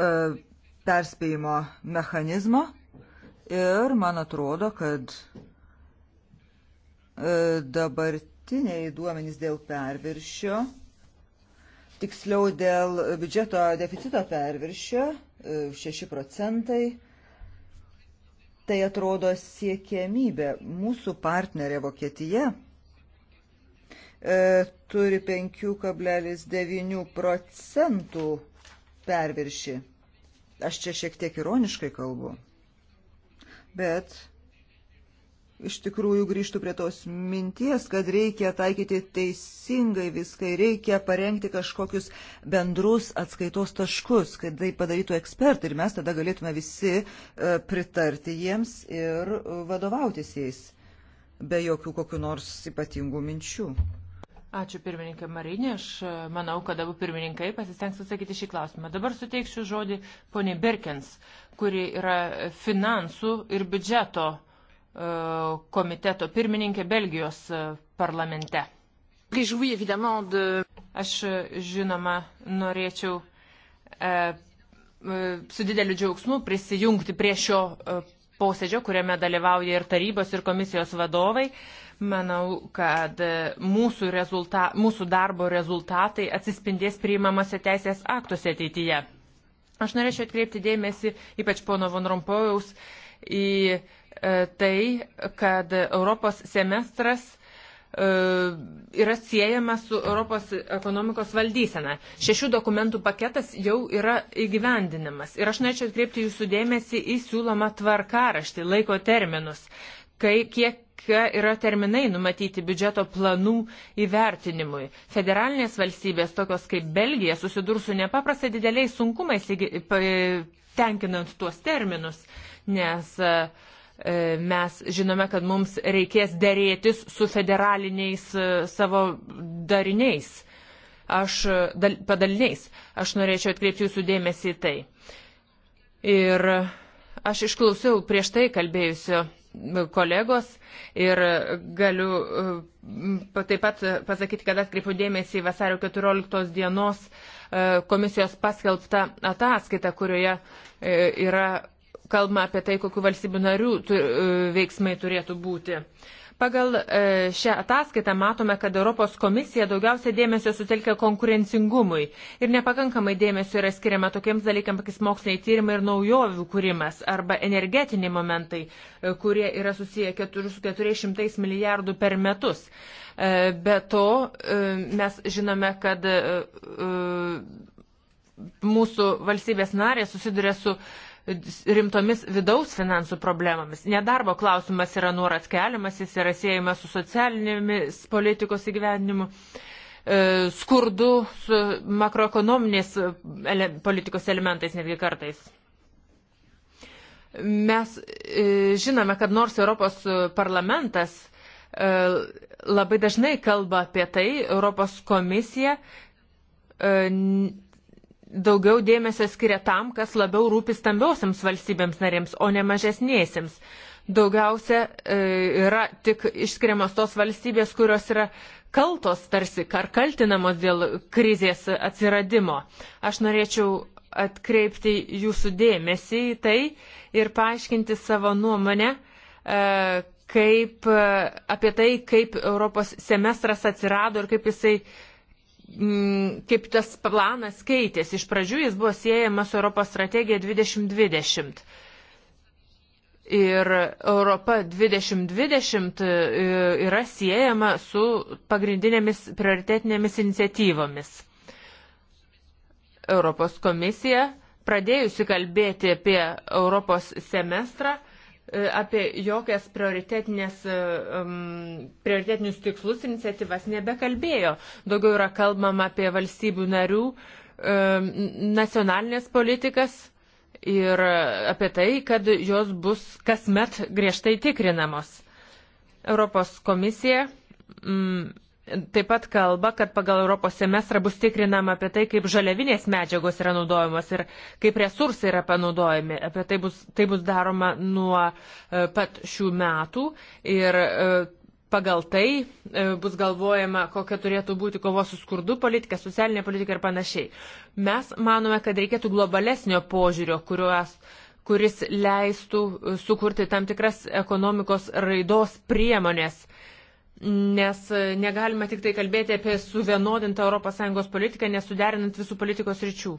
e, perspėjimo mechanizmo ir man atrodo, kad E, dabartiniai duomenys dėl perviršio, tiksliau dėl biudžeto deficito perviršio, 6 e, procentai, tai atrodo siekiamybė. Mūsų partnerė Vokietija e, turi 5,9 procentų perviršį. Aš čia šiek tiek ironiškai kalbu. Bet iš tikrųjų grįžtų prie tos minties, kad reikia taikyti teisingai viską, reikia parengti kažkokius bendrus atskaitos taškus, kad tai padarytų ekspertai ir mes tada galėtume visi e, pritarti jiems ir e, vadovautis jais, be jokių kokiu nors ypatingų minčių. Ačiū pirmininkė Marinė, aš e, manau, kad abu pirmininkai pasistengs atsakyti šį klausimą. Dabar suteiksiu žodį poniai Berkins, kuri yra finansų ir biudžeto E, komiteto pirmininkė Belgijos e, parlamente. Aš e, žinoma norėčiau su dideliu džiaugsmu prisijungti prie šio posėdžio, kuriame dalyvauja ir tarybos, ir komisijos vadovai. Manau, kad mūsų, rezulta, mūsų darbo rezultatai atsispindės priimamose teisės aktuose ateityje. Aš norėčiau atkreipti dėmesį, ypač pono Von Rompojaus, į uh, E, tai, kad Europos semestras e, yra siejama su Europos ekonomikos valdysena. Šešių dokumentų paketas jau yra įgyvendinamas. Ir aš norėčiau atkreipti jūsų dėmesį į siūlomą tvarkaraštį, laiko terminus, kai, kiek yra terminai numatyti biudžeto planų įvertinimui. Federalinės valstybės, tokios kaip Belgija, susidurs su nepaprastai dideliais sunkumais tenkinant tuos terminus, nes uh, E, mes žinome, kad mums reikės dėrėtis su federaliniais e, savo dariniais, aš, e, dal, padaliniais. Aš norėčiau atkreipti jūsų dėmesį į tai. Ir aš išklausiau prieš tai kalbėjusio kolegos ir galiu taip pat pasakyti, kad atkreipiu dėmesį į vasario 14 dienos komisijos paskelbtą ataskaitą, kurioje yra kalbama apie tai, kokiu valstybių narių e, veiksmai turėtų būti. Pagal e, šią ataskaitą matome, kad Europos komisija daugiausia dėmesio sutelkia konkurencingumui ir nepakankamai dėmesio yra skiriama tokiems dalykams, kaip moksliniai tyrimai ir naujovių kūrimas arba energetiniai momentai, e, kurie yra susiję 400 milijardų per metus. Be to, mes žinome, kad mūsų valstybės narė susiduria su uh, rimtomis vidaus finansų problemomis. Nedarbo klausimas yra nuorat keliamas, jis yra siejamas su socialinėmis politikos įgyvenimu, e, skurdu, su makroekonominės ele politikos elementais netgi kartais. Mes e, žinome, kad nors Europos parlamentas e, labai dažnai kalba apie tai, Europos komisija daugiau dėmesio skiria tam, kas labiau rūpi stambiausiams valstybėms narėms, o ne mažesnėsiams. Daugiausia e, yra tik išskiriamos tos valstybės, kurios yra kaltos tarsi, ar kaltinamos dėl krizės atsiradimo. Aš norėčiau atkreipti jūsų dėmesį į tai ir paaiškinti savo nuomonę, e, kaip, e, apie tai, kaip Europos semestras atsirado ir kaip jisai Mm, kaip tas planas keitėsi. Iš pradžių jis buvo siejamas su Europos strategija 2020. Ir Europa 2020 e, yra siejama su pagrindinėmis prioritetinėmis iniciatyvomis. Europos komisija, pradėjusi kalbėti apie Europos semestrą, E, apie jokias prioritetinės, um, prioritetinius tikslus iniciatyvas nebekalbėjo. Daugiau yra kalbama apie valstybių narių um, nacionalinės politikas ir apie tai, kad jos bus kasmet griežtai tikrinamos. Europos komisija mm, taip pat kalba, kad pagal Europos semestrą bus tikrinama apie tai, kaip žaliavinės medžiagos yra naudojamos ir kaip resursai yra panaudojami. Apie tai bus, tai bus daroma nuo e, pat šių metų ir e, pagal tai e, bus galvojama, kokia turėtų būti kovos su skurdu politika, socialinė politika ir panašiai. Mes manome, kad reikėtų globalesnio požiūrio, kuriuos kuris leistų sukurti tam tikras ekonomikos raidos priemonės, uh, nes e, negalime tik tai kalbėti apie suvienodintą ES politiką, nesuderinant visų politikos ryčių.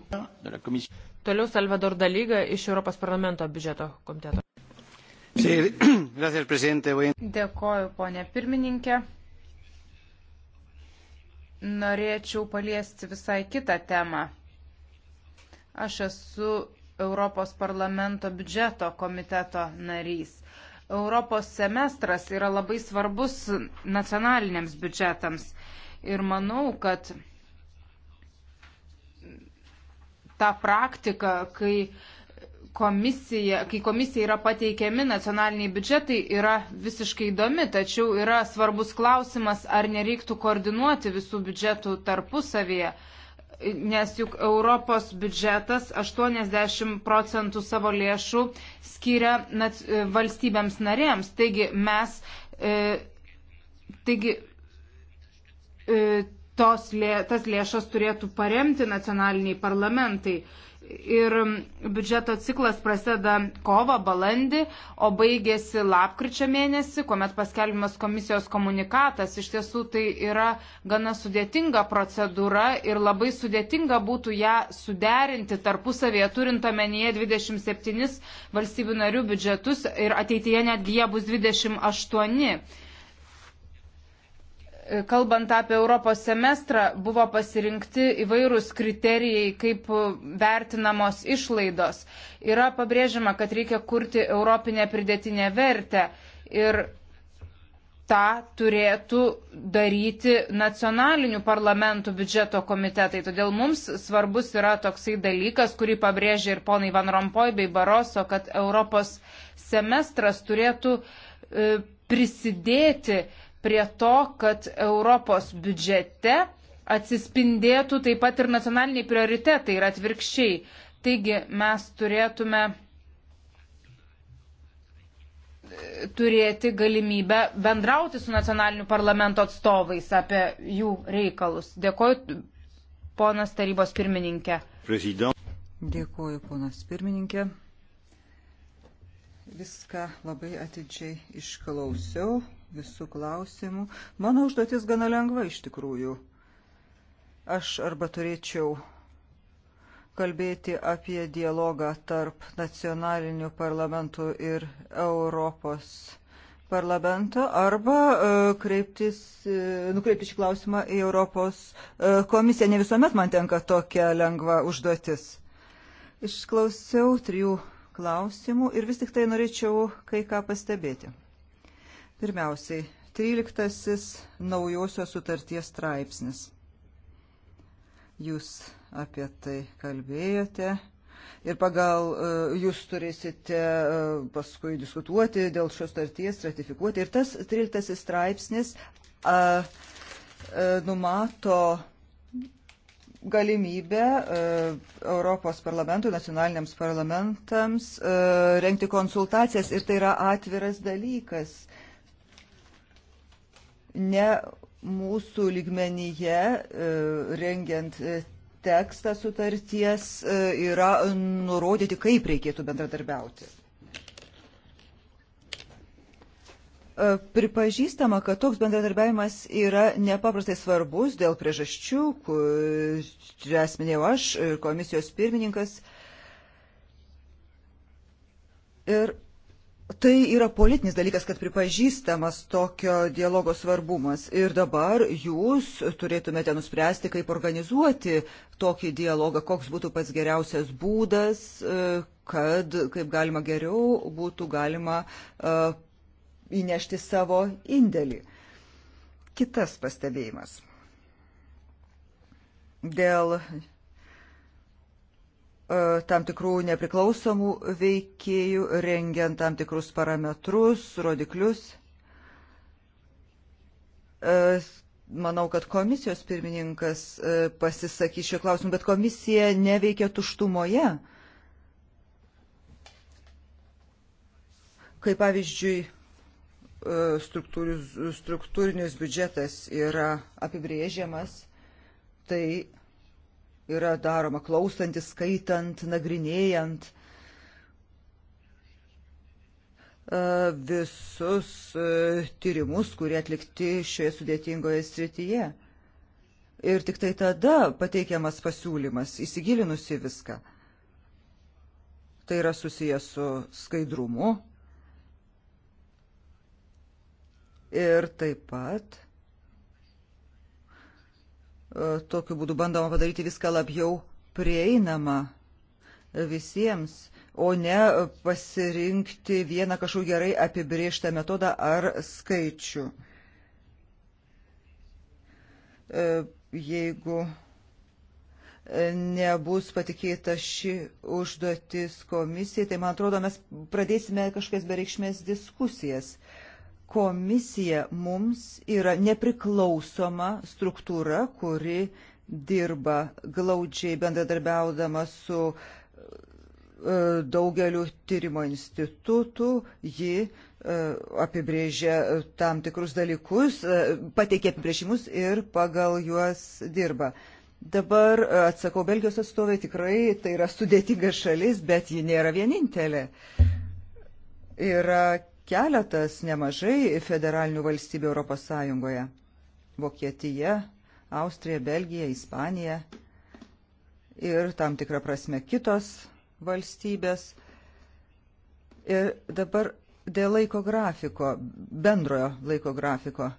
Toliau Salvador Dalyga iš Europos parlamento biudžeto komiteto. Dėkoju, ponė pirmininkė. Norėčiau paliesti visai kitą temą. Aš esu Europos parlamento biudžeto komiteto narys. Europos semestras yra labai svarbus nacionaliniams biudžetams. Ir manau, kad ta praktika, kai komisija, kai komisija yra pateikiami nacionaliniai biudžetai, yra visiškai įdomi, tačiau yra svarbus klausimas, ar nereiktų koordinuoti visų biudžetų tarpusavėje nes juk Europos biudžetas 80 procentų savo lėšų skiria e, valstybėms narėms. Taigi mes, e, taigi, e, tos, lė, tas lėšas turėtų paremti nacionaliniai parlamentai ir biudžeto ciklas prasideda kovo, balandį, o baigėsi lapkričio mėnesį, kuomet paskelbimas komisijos komunikatas. Iš tiesų tai yra gana sudėtinga procedūra ir labai sudėtinga būtų ją suderinti tarpusavėje, turint omenyje 27 valstybių narių biudžetus ir ateityje netgi jie bus 28 kalbant apie Europos semestrą, buvo pasirinkti įvairūs kriterijai, kaip vertinamos išlaidos. Yra pabrėžiama, kad reikia kurti Europinę pridėtinę vertę ir tą turėtų daryti nacionalinių parlamentų biudžeto komitetai. Todėl mums svarbus yra toksai dalykas, kurį pabrėžia ir ponai Van Rompoj bei Baroso, kad Europos semestras turėtų e, prisidėti prie to, kad Europos biudžete atsispindėtų taip pat ir nacionaliniai prioritetai ir atvirkščiai. Taigi mes turėtume e, turėti galimybę bendrauti su nacionaliniu parlamento atstovais apie jų reikalus. Dėkoju, ponas tarybos pirmininkė. President. Dėkoju, ponas pirmininkė. Viską labai atidžiai išklausiau visų klausimų. Mano užduotis gana lengva iš tikrųjų. Aš arba turėčiau kalbėti apie dialogą tarp nacionalinių parlamentų ir Europos parlamento arba e, kreiptis, e, nukreipti šį klausimą į Europos e, komisiją. Ne visuomet man tenka tokia lengva užduotis. Išklausiau trijų klausimų ir vis tik tai norėčiau kai ką pastebėti. Pirmiausiai, 13 naujosios sutarties straipsnis. Jūs apie tai kalbėjote ir pagal e, jūs turėsite e, paskui diskutuoti dėl šios starties, ratifikuoti. Ir tas 13 straipsnis a, a, e, numato galimybę a, Europos parlamentui, nacionaliniams parlamentams a, renkti konsultacijas ir tai yra atviras dalykas. A, ne mūsų lygmenyje e, rengiant e, tekstą sutarties e, yra nurodyti, kaip reikėtų bendradarbiauti. Pripažįstama, kad toks bendradarbiavimas yra nepaprastai svarbus dėl priežasčių, kurias minėjau aš ir komisijos pirmininkas. Ir Tai yra politinis dalykas, kad pripažįstamas tokio dialogo svarbumas. Ir dabar jūs turėtumėte nuspręsti, kaip organizuoti tokį dialogą, koks būtų pats geriausias būdas, e, kad kaip galima geriau būtų galima uh, įnešti savo indėlį. Kitas pastebėjimas. Dėl E, tam tikrų nepriklausomų veikėjų, rengiant tam tikrus parametrus, rodiklius. E, manau, kad komisijos pirmininkas e, pasisakys šio klausimu, bet komisija neveikia tuštumoje. Kaip pavyzdžiui, struktūrinis biudžetas yra apibrėžiamas, tai yra daroma klausantis, skaitant, nagrinėjant e, visus e, tyrimus, kurie atlikti šioje sudėtingoje srityje. Ir tik tai tada pateikiamas pasiūlymas, įsigilinusi viską. Tai yra susijęs su skaidrumu. Ir taip pat E, tokiu būdu bandoma padaryti viską labiau prieinama visiems, o ne pasirinkti vieną kažkokį gerai apibrieštą metodą ar skaičių. E, jeigu nebus patikėta ši užduotis komisijai, tai man atrodo, mes pradėsime kažkokias bereikšmės diskusijas. Uh, Komisija mums yra nepriklausoma struktūra, kuri dirba glaudžiai bendradarbiaudama su e, daugeliu tyrimo institutų, ji e, apibrėžia tam tikrus dalykus, e, pateikia apibrėžimus ir pagal juos dirba. Dabar atsakau, Belgijos atstovai tikrai tai yra sudėtinga šalis, bet ji nėra vienintelė. Yra keletas nemažai federalinių valstybių Europos Sąjungoje. Vokietija, Austrija, Belgija, Ispanija ir tam tikrą prasme kitos valstybės. Ir dabar dėl laiko grafiko, bendrojo laiko grafiko.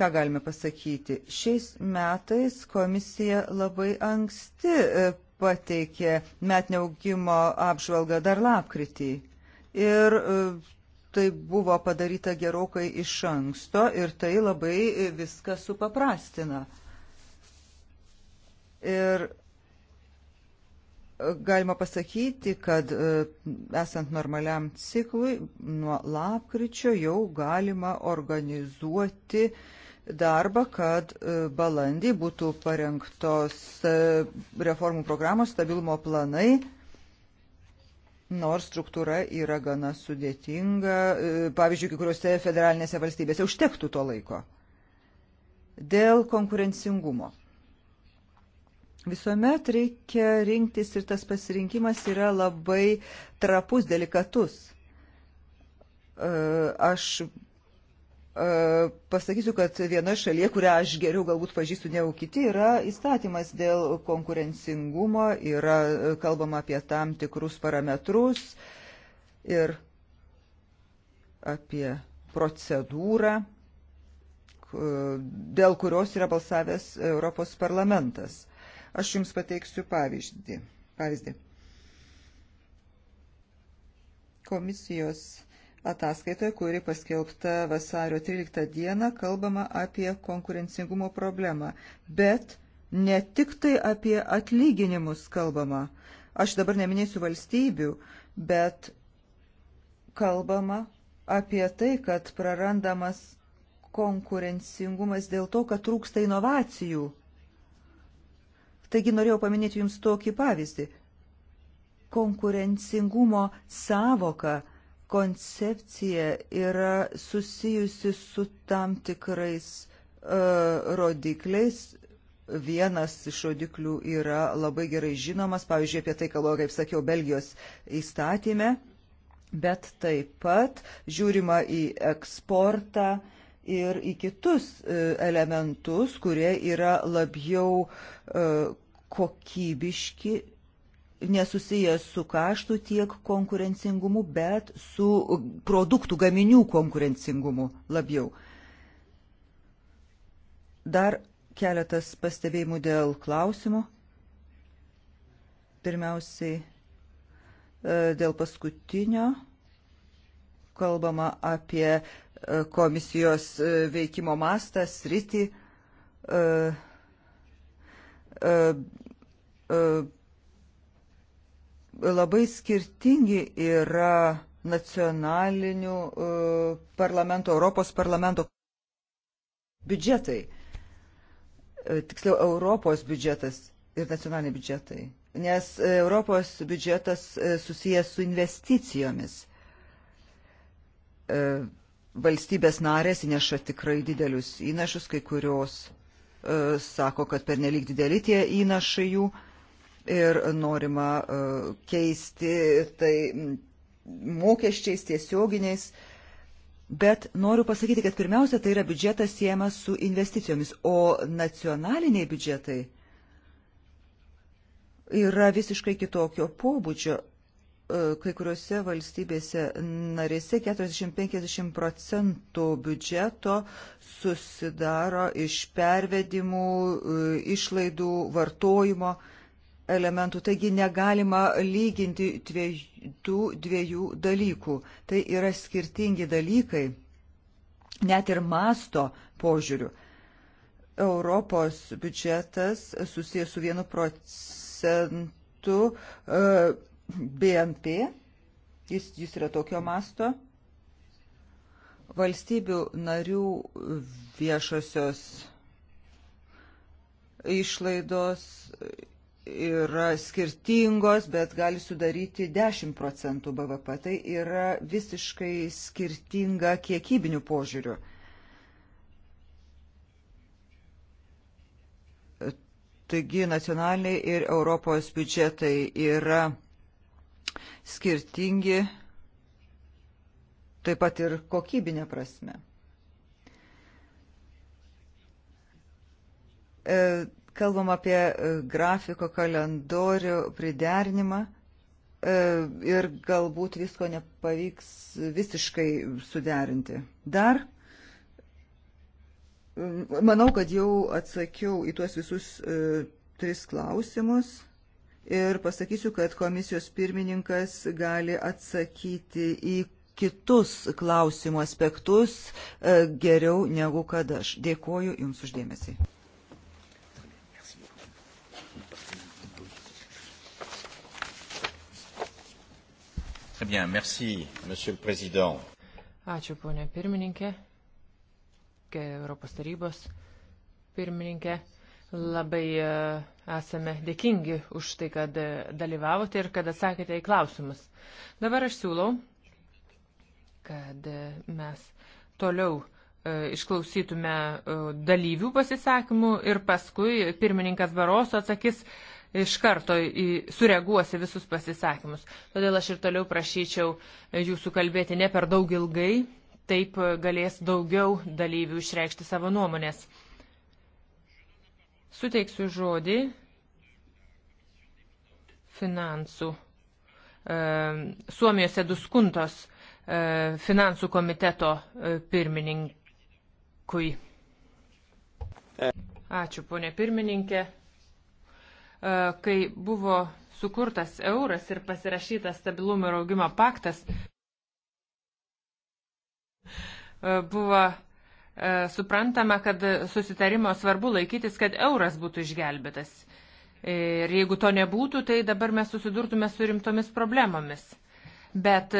Ką galime pasakyti? Šiais metais komisija labai anksti e, pateikė metinio augimo apžvalgą dar lapkritį. Ir e, tai buvo padaryta gerokai iš anksto ir tai labai viską supaprastina. Ir e, galima pasakyti, kad e, esant normaliam ciklui, nuo lapkričio jau galima organizuoti darbą, kad e, balandį būtų parengtos reformų programos stabilumo planai nors struktūra yra gana sudėtinga, e, pavyzdžiui, kai kuriuose federalinėse valstybėse užtektų to laiko. Dėl konkurencingumo. Visuomet reikia rinktis ir tas pasirinkimas yra labai trapus, delikatus. E, aš E, pasakysiu, kad viena šalyje, kurią aš geriau galbūt pažįstu negu kiti, yra įstatymas dėl konkurencingumo, yra e, kalbama apie tam tikrus parametrus ir apie procedūrą, dėl kurios yra balsavęs Europos parlamentas. Aš Jums pateiksiu pavyzdį. pavyzdį. Komisijos ataskaitoje, kuri paskelbta vasario 13 dieną, kalbama apie konkurencingumo problemą. Bet ne tik tai apie atlyginimus kalbama. Aš dabar neminėsiu valstybių, bet kalbama apie tai, kad prarandamas konkurencingumas dėl to, kad trūksta inovacijų. Taigi norėjau paminėti Jums tokį pavyzdį. Konkurencingumo savoka – koncepcija yra susijusi su tam tikrais uh, rodikliais. Vienas iš rodiklių yra labai gerai žinomas, pavyzdžiui, apie tai kalba, kaip sakiau, Belgijos įstatymė, bet taip pat žiūrima į eksportą ir į kitus uh, elementus, kurie yra labiau uh, kokybiški nesusijęs su kaštų tiek konkurencingumu, bet su produktų gaminių konkurencingumu labiau. Dar keletas pastebėjimų dėl klausimų. Pirmiausiai e, dėl paskutinio kalbama apie e, komisijos e, veikimo mastą, sritį. Uh, uh, uh, labai skirtingi yra nacionalinių e, parlamento, Europos parlamento biudžetai. E, tiksliau, Europos biudžetas ir nacionaliniai biudžetai. Nes e, Europos biudžetas susijęs su investicijomis. Valstybės narės įneša tikrai didelius įnašus, kai kurios sako, kad per nelik dideli tie įnašai jų. Uh, ir norima e, keisti tai mokesčiais tiesioginiais. Bet noriu pasakyti, kad pirmiausia, tai yra biudžetas siejamas su investicijomis, o nacionaliniai biudžetai yra visiškai kitokio pobūdžio. E, kai kuriuose valstybėse narėse 40-50 procentų biudžeto susidaro iš pervedimų, e, išlaidų, vartojimo elementų, taigi negalima lyginti tų dviejų dalykų. Tai yra skirtingi dalykai, net ir masto požiūrių. Europos biudžetas susijęs su vienu procentu e, BNP, jis, jis yra tokio masto. Valstybių narių viešosios išlaidos yra skirtingos, bet gali sudaryti 10 procentų BVP. Tai yra visiškai skirtinga kiekybinių požiūrių. Taigi nacionaliniai ir Europos biudžetai yra skirtingi taip pat ir kokybinė prasme. E, Kalbam apie e, grafiko kalendorių pridernimą e, ir galbūt visko nepavyks visiškai suderinti. Dar manau, kad jau atsakiau į tuos visus e, tris klausimus ir pasakysiu, kad komisijos pirmininkas gali atsakyti į kitus klausimų aspektus geriau negu kad aš. Dėkuoju Jums uždėmesį. Très bien, merci, Monsieur le Président. Ačiū, ponė pirmininkė, Europos tarybos pirmininkė. Labai e, esame dėkingi už tai, kad e, dalyvavote ir kad atsakėte į klausimus. Dabar aš siūlau, kad e, mes toliau išklausytume dalyvių pasisakymų ir paskui pirmininkas Baroso atsakys iš karto į, sureaguosi visus pasisakymus. Todėl aš ir toliau prašyčiau e, jūsų kalbėti ne per daug ilgai, taip e, galės daugiau dalyvių išreikšti savo nuomonės. Suteiksiu žodį finansų. E, Suomijos eduskuntos finansų komiteto pirmininkui. Ačiū, ponė pirmininkė. E, kai buvo sukurtas euras ir pasirašytas stabilumo ir augimo paktas, e, buvo e, suprantama, kad susitarimo svarbu laikytis, kad euras būtų išgelbėtas. Ir jeigu to nebūtų, tai dabar mes susidurtume su rimtomis problemomis. Bet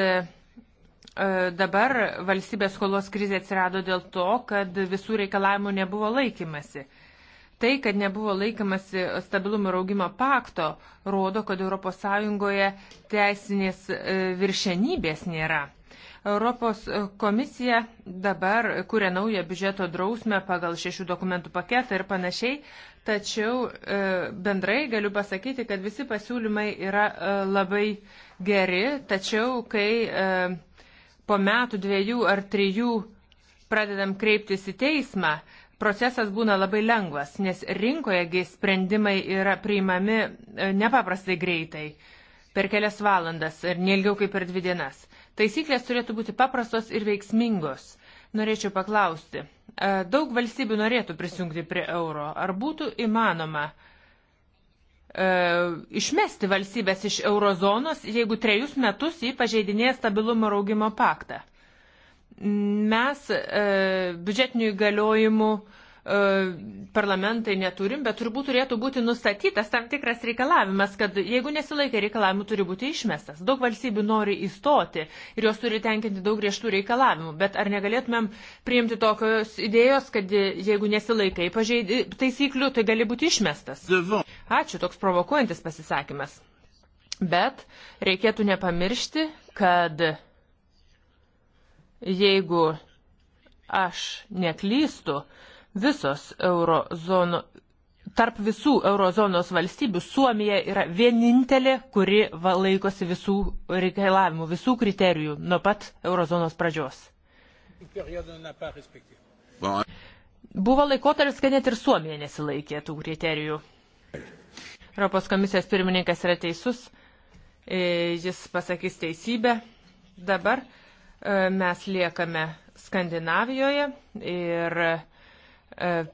dabar valstybės skolos krizė atsirado dėl to, kad visų reikalavimų nebuvo laikymasi. Tai, kad nebuvo laikomasi stabilumo ir augimo pakto, rodo, kad ES teisinės e, viršenybės nėra. Europos e, komisija dabar kuria naują biudžeto drausmę pagal šešių dokumentų paketą ir panašiai, tačiau e, bendrai galiu pasakyti, kad visi pasiūlymai yra labai geri, tačiau kai po metų dviejų ar trijų pradedam kreiptis į teismą, procesas būna labai lengvas, nes rinkojegi sprendimai yra priimami e, nepaprastai greitai, per kelias valandas ir nelgiau kaip per dvi dienas. Taisyklės turėtų būti paprastos ir veiksmingos. Norėčiau paklausti, e, daug valstybių norėtų prisijungti prie euro, ar būtų įmanoma e, išmesti valstybės iš eurozonos, jeigu trejus metus jį pažeidinėja stabilumo raugimo paktą? Mes e, biudžetinių įgaliojimų e, parlamentai neturim, bet turbūt turėtų būti nustatytas tam tikras reikalavimas, kad jeigu nesilaikia reikalavimų, turi būti išmestas. Daug valstybių nori įstoti ir jos turi tenkinti daug griežtų reikalavimų, bet ar negalėtumėm priimti tokios idėjos, kad jeigu nesilaikai pažeidė taisyklių, tai gali būti išmestas. Ačiū, toks provokuojantis pasisakymas. Bet reikėtų nepamiršti, kad Jeigu aš neklystu, visos eurozono, tarp visų eurozonos valstybių Suomija yra vienintelė, kuri laikosi visų reikalavimų, visų kriterijų nuo pat eurozonos pradžios. Buvo laikotarpis, kai net ir Suomija nesilaikė tų kriterijų. Europos komisijos pirmininkas yra teisus, e, jis pasakys teisybę. Dabar E, mes liekame Skandinavijoje ir e,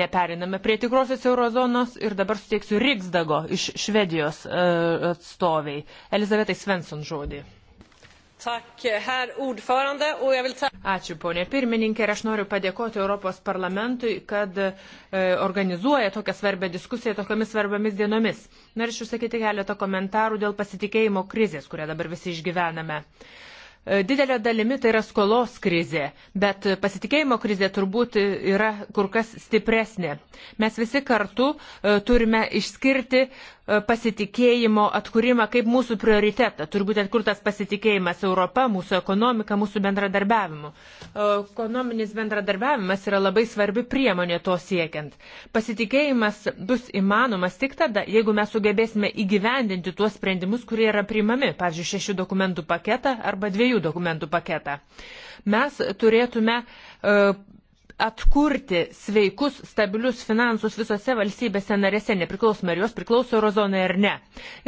neperiname prie tikrosios eurozonos ir dabar suteiksiu Riksdago iš Švedijos e, atstoviai. Elizavetai Svensson žodį. Eh, Ačiū, ponė pirmininkė, ir aš noriu padėkoti Europos parlamentui, kad e, organizuoja tokią svarbę diskusiją tokiamis svarbiamis dienomis. Norėčiau sakyti keletą komentarų dėl pasitikėjimo krizės, kurią dabar visi išgyvename. E, E, didelė dalimi tai yra skolos krizė, bet pasitikėjimo krizė turbūt yra kur kas stipresnė. Mes visi kartu e, turime išskirti E, pasitikėjimo atkūrimą kaip mūsų prioritetą. Turi būti atkurtas pasitikėjimas Europą, mūsų ekonomika, mūsų bendradarbiavimu. E, ekonominis bendradarbiavimas yra labai svarbi priemonė to siekiant. Pasitikėjimas bus įmanomas tik tada, jeigu mes sugebėsime įgyvendinti tuos sprendimus, kurie yra priimami, pavyzdžiui, šešių dokumentų paketą arba dviejų dokumentų paketą. Mes turėtume uh, atkurti sveikus, stabilius finansus visose valstybėse narėse, nepriklausomai ar jos priklauso eurozonai ar ne.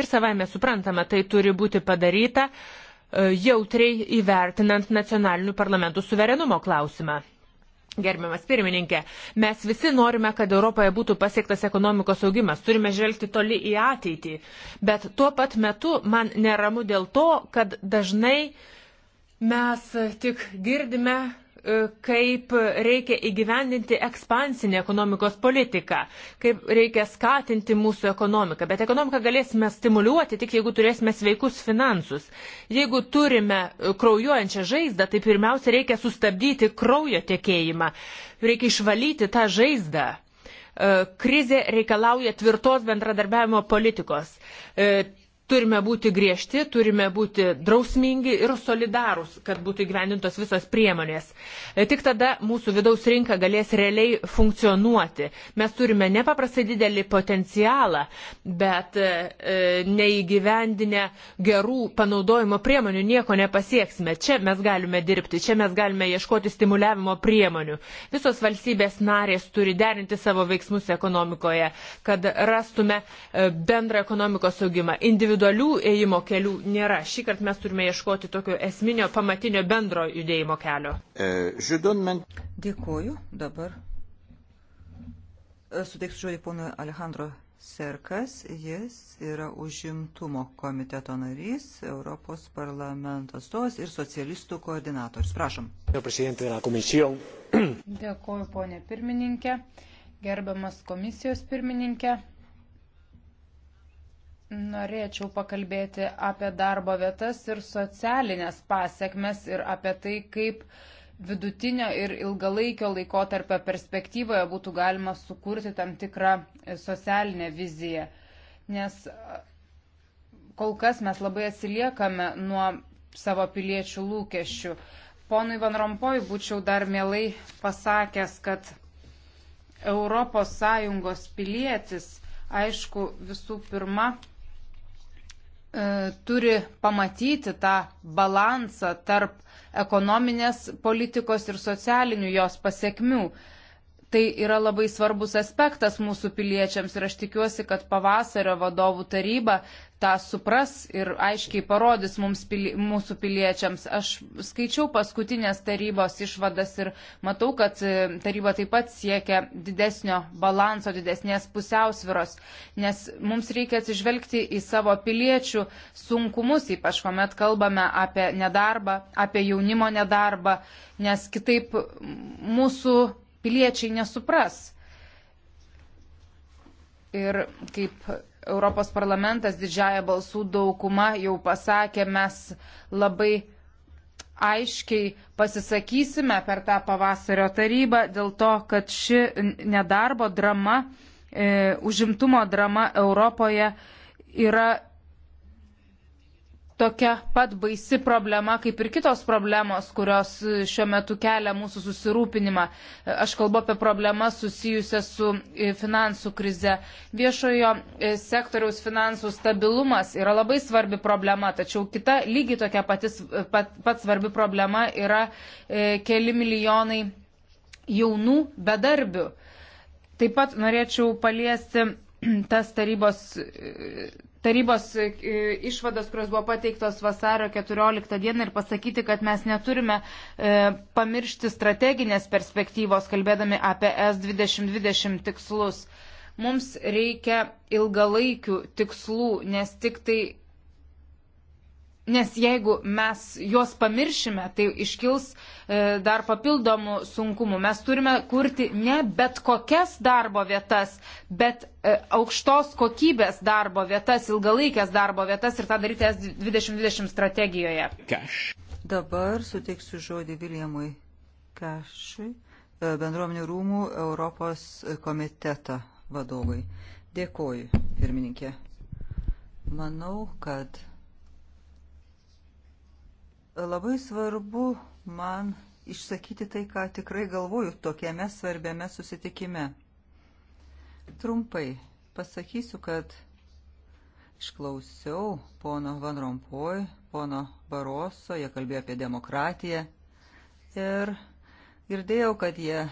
Ir savai mes suprantame, tai turi būti padaryta e, jautriai įvertinant nacionalinių parlamentų suverenumo klausimą. Gerbiamas pirmininkė, mes visi norime, kad Europoje būtų pasiektas ekonomikos augimas, turime žvelgti toli į ateitį, bet tuo pat metu man neramu dėl to, kad dažnai mes tik girdime E, kaip reikia įgyvendinti ekspansinį ekonomikos politiką, kaip reikia skatinti mūsų ekonomiką. Bet ekonomiką galėsime stimuliuoti tik jeigu turėsime sveikus finansus. Jeigu turime kraujuojančią žaizdą, tai pirmiausia reikia sustabdyti kraujo tiekėjimą. Reikia išvalyti tą žaizdą. E, krizė reikalauja tvirtos bendradarbiavimo politikos e, Turime būti griežti, turime būti drausmingi ir solidarūs, kad būtų įgyvendintos visos priemonės. E, tik tada mūsų vidaus rinka galės realiai funkcionuoti. Mes turime nepaprastai didelį potencialą, bet e, e, neįgyvendinę gerų panaudojimo priemonių nieko nepasieksime. Čia mes galime dirbti, čia mes galime ieškoti stimuliavimo priemonių. Visos valstybės narės turi derinti savo veiksmus ekonomikoje, kad rastume e, bendrą ekonomikos augimą. Individu individualių ėjimo kelių nėra. Šį kartą mes turime ieškoti tokio esminio, pamatinio bendro judėjimo kelio. E, Dėkuoju. Dabar e, suteiksiu žodį ponui Alejandro Serkas. Jis yra užimtumo komiteto narys, Europos parlamento stos ir socialistų koordinatorius. Prašom. Dėkuoju, ponė pirmininkė. Gerbiamas komisijos pirmininkė, Norėčiau pakalbėti apie darbo vietas ir socialinės pasiekmes ir apie tai, kaip vidutinio ir ilgalaikio laikotarpio perspektyvoje būtų galima sukurti tam tikrą e, socialinę viziją. Nes e, kol kas mes labai atsiliekame nuo savo piliečių lūkesčių. Ponui Van Rompoj būčiau dar mielai pasakęs, kad ES pilietis, aišku, visų pirma, E, turi pamatyti tą balansą tarp ekonominės politikos ir socialinių jos pasiekmių. Tai yra labai svarbus aspektas mūsų piliečiams ir aš tikiuosi, kad pavasario vadovų taryba tą supras ir aiškiai parodys mums, pili, mūsų piliečiams. Aš skaičiau paskutinės tarybos išvadas ir matau, kad e, taryba taip pat siekia didesnio balanso, didesnės pusiausviros, nes mums reikia atsižvelgti į savo piliečių sunkumus, ypač kuomet kalbame apie nedarbą, apie jaunimo nedarbą, nes kitaip mūsų piliečiai nesupras. Ir kaip Europos parlamentas didžiaja balsų dauguma jau pasakė, mes labai aiškiai pasisakysime per tą pavasario tarybą dėl to, kad ši nedarbo drama, e, užimtumo drama Europoje yra tokia pat baisi problema kaip ir kitos problemos, kurios šiuo metu kelia mūsų susirūpinimą. Aš kalbu apie problemas susijusias su e, finansų krize. Viešojo e, sektoriaus finansų stabilumas yra labai svarbi problema, tačiau kita lygiai tokia pati, e, pat, pat svarbi problema yra keli milijonai jaunų bedarbių. Taip pat norėčiau paliesti tas tarybos tarybos e, išvados, kurios buvo pateiktos vasario 14 dieną ir pasakyti, kad mes neturime e, pamiršti strateginės perspektyvos, kalbėdami apie S2020 tikslus. Mums reikia ilgalaikių tikslų, nes tik tai Nes jeigu mes juos pamiršime, tai iškils e, dar papildomų sunkumų. Mes turime kurti ne bet kokias darbo vietas, bet e, aukštos kokybės darbo vietas, ilgalaikės darbo vietas ir tą daryti S2020 strategijoje. Keš. Dabar suteiksiu žodį Viljamui Kešui, e, bendruomenių rūmų Europos komiteto vadovui. Dėkoju, pirmininkė. Manau, kad Labai svarbu man išsakyti tai, ką tikrai galvoju tokiame svarbiame susitikime. Trumpai pasakysiu, kad išklausiau pono Van Rompoj, pono Baroso, jie kalbėjo apie demokratiją ir girdėjau, kad jie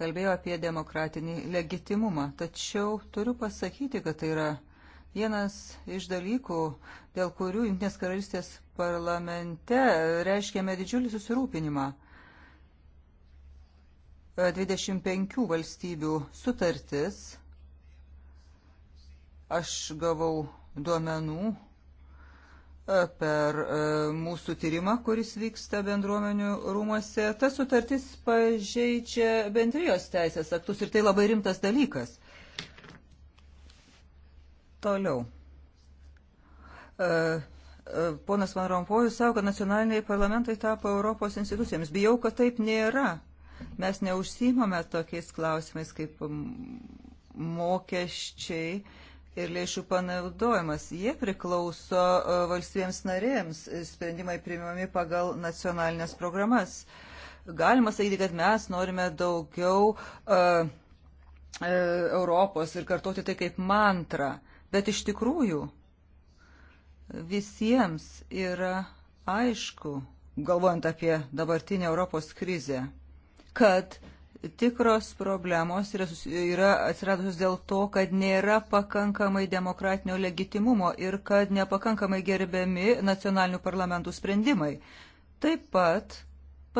kalbėjo apie demokratinį legitimumą. Tačiau turiu pasakyti, kad tai yra Vienas iš dalykų, dėl kurių Junktinės karalystės parlamente reiškėme didžiulį susirūpinimą. 25 valstybių sutartis. Aš gavau duomenų e, per e, mūsų tyrimą, kuris vyksta bendruomenių rūmose, ta sutartis pažeidžia bendrijos teisės aktus ir tai labai rimtas dalykas. Toliau. E, e, ponas Van Rompojus savo, kad nacionaliniai parlamentai tapo Europos institucijoms. Bijau, kad taip nėra. Mes neužsimame tokiais klausimais kaip mokesčiai ir lėšų panaudojimas. Jie priklauso e, valstybėms narėms. Sprendimai priimami pagal nacionalinės programas. Galima sakyti, kad mes norime daugiau uh, uh, Europos ir kartoti tai kaip mantrą. Uh, Bet iš tikrųjų visiems yra aišku, galvojant apie dabartinę Europos krizę, kad tikros problemos yra, yra atsiradusios dėl to, kad nėra pakankamai demokratinio legitimumo ir kad nepakankamai gerbiami nacionalinių parlamentų sprendimai. Taip pat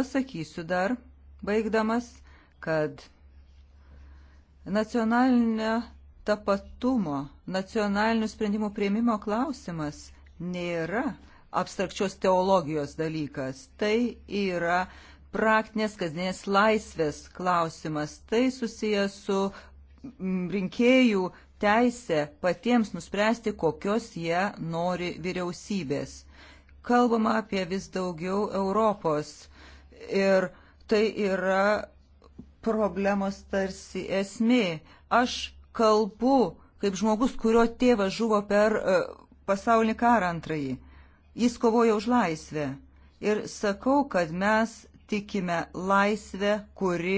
pasakysiu dar, baigdamas, kad nacionalinė tapatumo, nacionalinių sprendimų prieimimo klausimas nėra abstrakčios teologijos dalykas. Tai yra praktinės kasdienės laisvės klausimas. Tai susijęs su mm, rinkėjų teisė patiems nuspręsti, kokios jie nori vyriausybės. Kalbama apie vis daugiau Europos ir tai yra problemos tarsi esmė. Aš kalbu kaip žmogus, kurio tėvas žuvo per e, pasaulinį karą antrąjį. Jis kovojo už laisvę. Ir sakau, kad mes tikime laisvę, kuri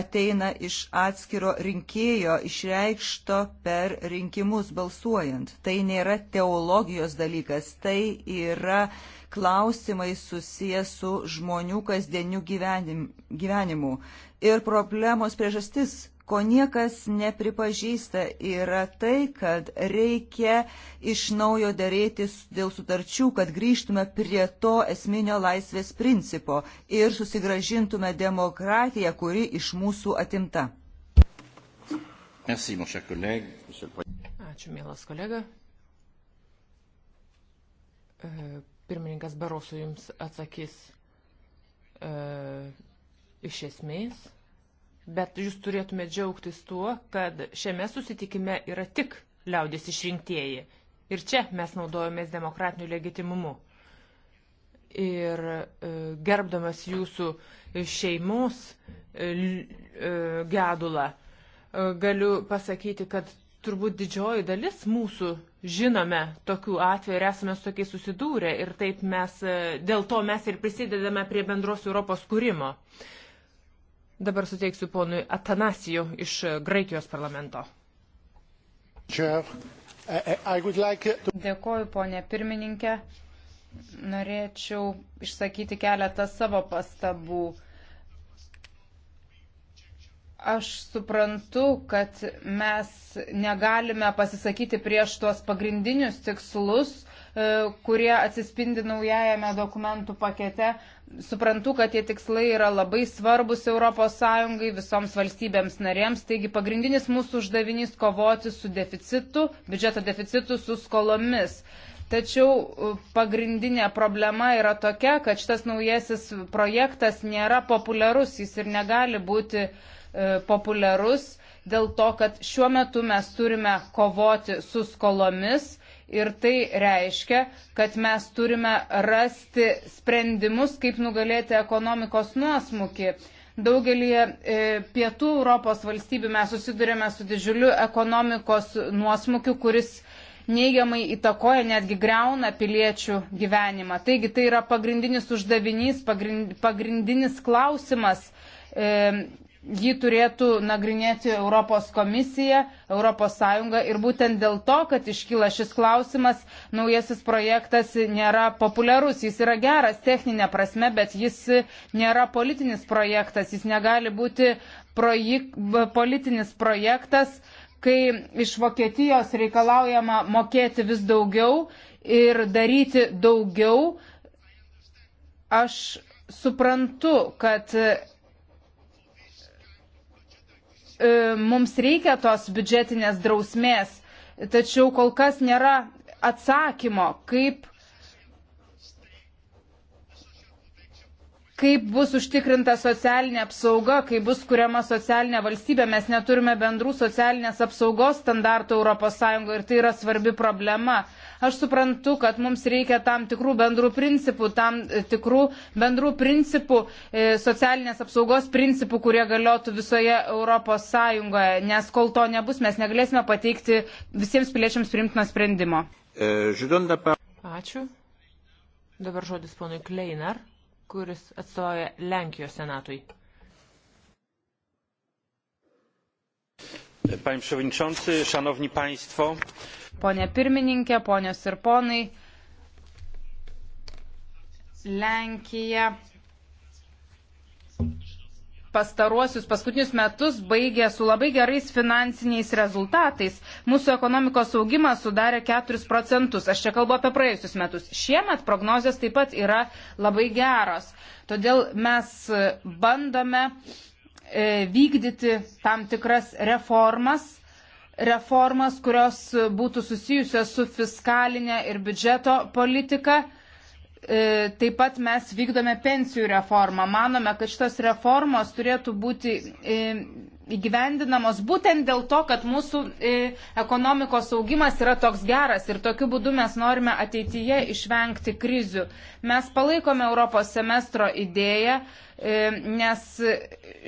ateina iš atskiro rinkėjo išreikšto per rinkimus balsuojant. Tai nėra teologijos dalykas, tai yra klausimai susijęs su žmonių kasdieniu gyvenimu. Ir problemos priežastis ko niekas nepripažįsta, yra tai, kad reikia iš naujo dėrėtis dėl sutarčių, kad grįžtume prie to esminio laisvės principo ir susigražintume demokratiją, kuri iš mūsų atimta. Merci, Ačiū, mielas kolega. E, pirmininkas Barosu jums atsakys e, iš esmės Bet jūs turėtume džiaugtis tuo, kad šiame susitikime yra tik liaudės išrinktieji. Ir čia mes naudojomės demokratiniu legitimumu. Ir e, gerbdamas jūsų šeimos e, e, gedulą, e, galiu pasakyti, kad turbūt didžioji dalis mūsų žinome tokių atvejų ir esame su tokiais susidūrę ir taip mes, e, dėl to mes ir prisidedame prie bendros Europos kūrimo. E, Dabar suteiksiu ponui Atanasijų iš Graikijos parlamento. Dėkoju, ponė pirmininkė. Norėčiau išsakyti keletą savo pastabų. Aš suprantu, kad mes negalime pasisakyti prieš tuos pagrindinius tikslus, E, kurie atsispindi naujajame dokumentų pakete. Suprantu, kad tie tikslai yra labai svarbus ES visoms valstybėms narėms, taigi pagrindinis mūsų uždavinys kovoti su deficitu, biudžeto deficitu, su skolomis. Tačiau e, pagrindinė problema yra tokia, kad šitas naujasis projektas nėra populiarus, jis ir negali būti e, populiarus dėl to, kad šiuo metu mes turime kovoti su skolomis Ir tai reiškia, kad mes turime rasti sprendimus, kaip nugalėti ekonomikos nuosmukį. Daugelį e, pietų Europos valstybių mes susidurėme su didžiuliu ekonomikos nuosmukiu, kuris neigiamai įtakoja, netgi greuna piliečių gyvenimą. Taigi tai yra pagrindinis uždavinys, pagrindinis klausimas, e, jį turėtų nagrinėti Europos komisija, Europos Sąjunga ir būtent dėl to, kad iškyla šis klausimas, naujasis projektas nėra populiarus, jis yra geras techninė prasme, bet jis nėra politinis projektas, jis negali būti projek politinis projektas, kai iš Vokietijos reikalaujama mokėti vis daugiau ir daryti daugiau. Aš suprantu, kad E, mums reikia tos biudžetinės drausmės, tačiau kol kas nėra atsakymo, kaip, kaip bus užtikrinta socialinė apsauga, kaip bus kuriama socialinė valstybė. Mes neturime bendrų socialinės apsaugos standartų ES ir tai yra svarbi problema. Aš suprantu, kad mums reikia tam tikrų bendrų principų, tam e, tikrų bendrų principų, e, socialinės apsaugos principų, kurie galiotų visoje Europos Sąjungoje, nes kol to nebus, mes negalėsime pateikti visiems piliečiams primtino sprendimo. E, Ačiū. Dabar žodis ponui Kleinar, kuris atstovauja Lenkijos senatui. Panie Przewodniczący, Szanowni Państwo. Pone pirmininkė, ponios ir ponai, Lenkija pastaruosius paskutinius metus baigė su labai gerais finansiniais rezultatais. Mūsų ekonomikos augimas sudarė 4 procentus. Aš čia kalbu apie praėjusius metus. Šiemet prognozijos taip pat yra labai geros. Todėl mes bandome uh, E, vykdyti tam tikras reformas, reformas, kurios būtų susijusios su fiskalinė ir biudžeto politika. E, taip pat mes vykdome pensijų reformą. Manome, kad šitos reformos turėtų būti e, įgyvendinamos būtent dėl to, kad mūsų e, ekonomikos augimas yra toks geras ir tokiu būdu mes norime ateityje išvengti krizių. Mes palaikome Europos semestro idėją, e, nes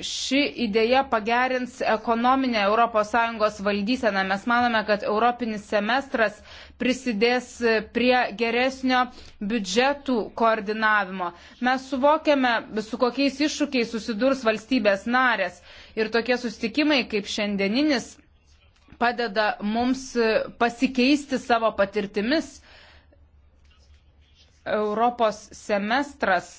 ši idėja pagerins ekonominę ES valdyseną. Mes manome, kad Europinis semestras prisidės prie geresnio biudžetų koordinavimo. Mes suvokiame, su kokiais iššūkiais susidurs valstybės narės. Ir tokie sustikimai kaip šiandieninis padeda mums pasikeisti savo patirtimis. Europos semestras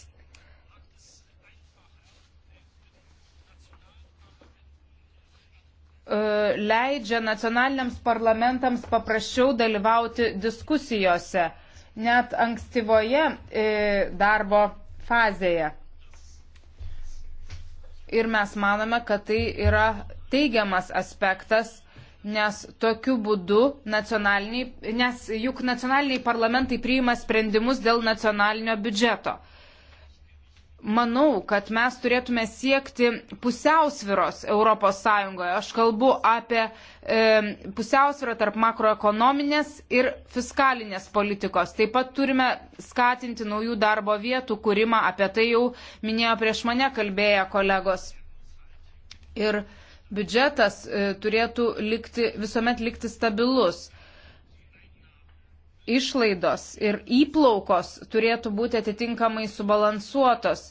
e, leidžia nacionaliniams parlamentams paprasčiau dalyvauti diskusijose, net ankstyvoje e, darbo fazėje ir mes manome, kad tai yra teigiamas aspektas, nes tokiu būdu nacionaliniai, nes juk nacionaliniai parlamentai priima sprendimus dėl nacionalinio biudžeto manau, kad mes turėtume siekti pusiausviros ES. Aš kalbu apie e, pusiausvirą tarp makroekonominės ir fiskalinės politikos. Taip pat turime skatinti naujų darbo vietų kūrimą, apie tai jau minėjo prieš mane kalbėję kolegos. Ir biudžetas e, turėtų likti, visuomet likti stabilus išlaidos ir įplaukos turėtų būti atitinkamai subalansuotos.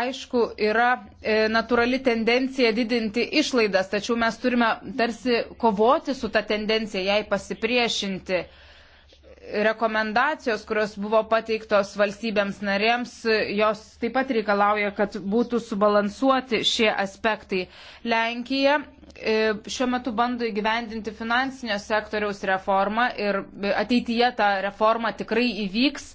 Aišku, yra e, natūrali tendencija didinti išlaidas, tačiau mes turime tarsi kovoti su tą tendenciją, jai pasipriešinti. E, rekomendacijos, kurios buvo pateiktos valstybėms narėms, jos taip pat reikalauja, kad būtų subalansuoti šie aspektai. Lenkija e, šiuo metu bando įgyvendinti finansinio sektoriaus reformą ir ateityje ta reforma tikrai įvyks.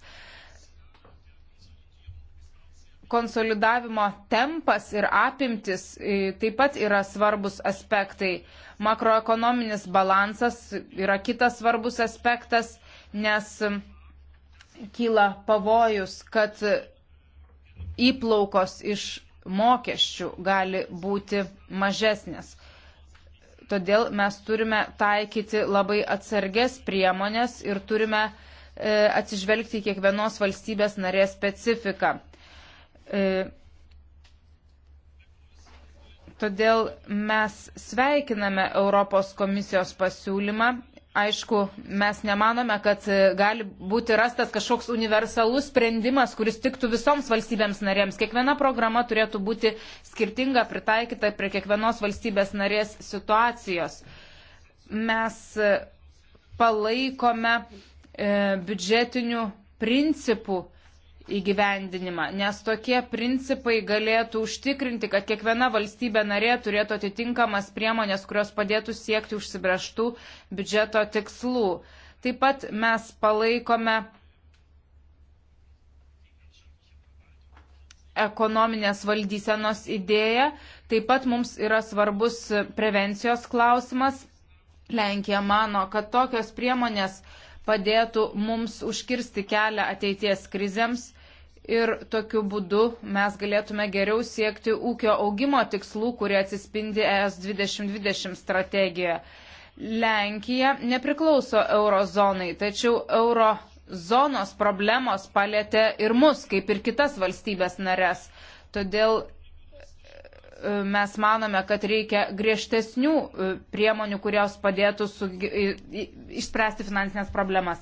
Konsolidavimo tempas ir apimtis e, taip pat yra svarbus aspektai. Makroekonominis balansas yra kitas svarbus aspektas nes um, kyla pavojus, kad įplaukos iš mokesčių gali būti mažesnės. Todėl mes turime taikyti labai atsarges priemonės ir turime e, atsižvelgti į kiekvienos valstybės narės specifiką. E, todėl mes sveikiname Europos komisijos pasiūlymą Aišku, mes nemanome, kad e, gali būti rastas kažkoks universalus sprendimas, kuris tiktų visoms valstybėms narėms. Kiekviena programa turėtų būti skirtinga, pritaikyta prie kiekvienos valstybės narės situacijos. Mes e, palaikome e, biudžetinių principų įgyvendinimą, nes tokie principai galėtų užtikrinti, kad kiekviena valstybė narė turėtų atitinkamas priemonės, kurios padėtų siekti užsibrieštų biudžeto tikslų. Taip pat mes palaikome ekonominės valdysenos idėją, taip pat mums yra svarbus prevencijos klausimas. Lenkija mano, kad tokios priemonės uh, padėtų mums užkirsti kelią ateities krizėms ir tokiu būdu mes galėtume geriau siekti ūkio augimo tikslų, kurie atsispindi ES 2020 strategijoje. Lenkija nepriklauso eurozonai, tačiau eurozonos problemos palėtė ir mus, kaip ir kitas valstybės narės. Todėl E, mes manome, kad reikia griežtesnių e, priemonių, kurios padėtų su, e, išspręsti finansinės problemas.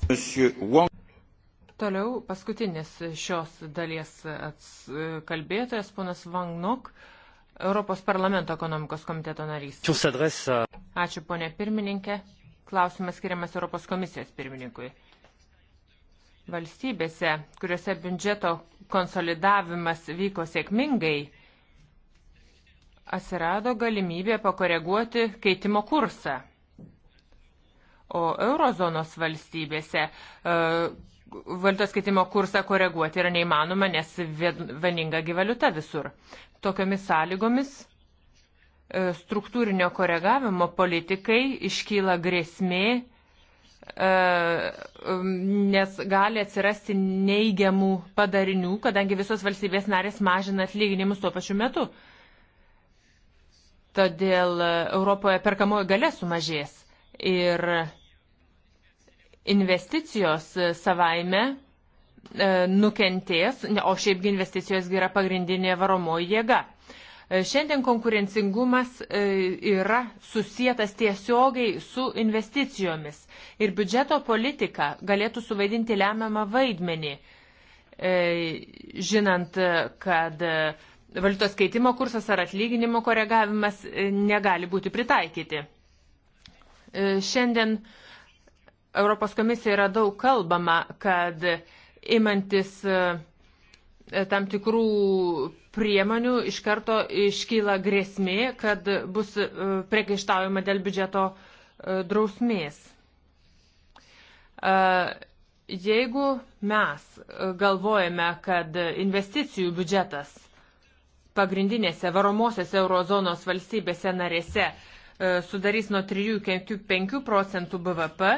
Toliau paskutinis šios dalies kalbėtojas, ponas Vangnok, Europos parlamento ekonomikos komiteto narys. Ačiū, ponė pirmininkė. Klausimas skiriamas Europos komisijos pirmininkui valstybėse, kuriuose biudžeto konsolidavimas vyko sėkmingai, atsirado galimybė pakoreguoti keitimo kursą. O eurozonos valstybėse e, valiutos keitimo kursą koreguoti yra neįmanoma, nes vieninga gyvaliuta visur. Tokiomis sąlygomis e, struktūrinio koregavimo politikai iškyla grėsmė, e, nes gali atsirasti neigiamų padarinių, kadangi visos valstybės narės mažina atlyginimus tuo pačiu metu todėl Europoje perkamoji gale sumažės ir investicijos savaime e, nukentės, o šiaipgi investicijos yra pagrindinė varomoji jėga. E, šiandien konkurencingumas e, yra susijęs tiesiogiai su investicijomis ir biudžeto politika galėtų suvaidinti lemiamą vaidmenį, žinant, kad valiutos keitimo kursas ar atlyginimo koregavimas e, negali būti pritaikyti. E, šiandien Europos komisija yra daug kalbama, kad imantis e, tam tikrų priemonių iš karto iškyla grėsmė, kad bus priekaištaujama dėl biudžeto drausmės. Jeigu mes galvojame, kad investicijų biudžetas pagrindinėse varomosiose eurozonos valstybėse narėse e, sudarys nuo 3 iki 5 procentų BVP,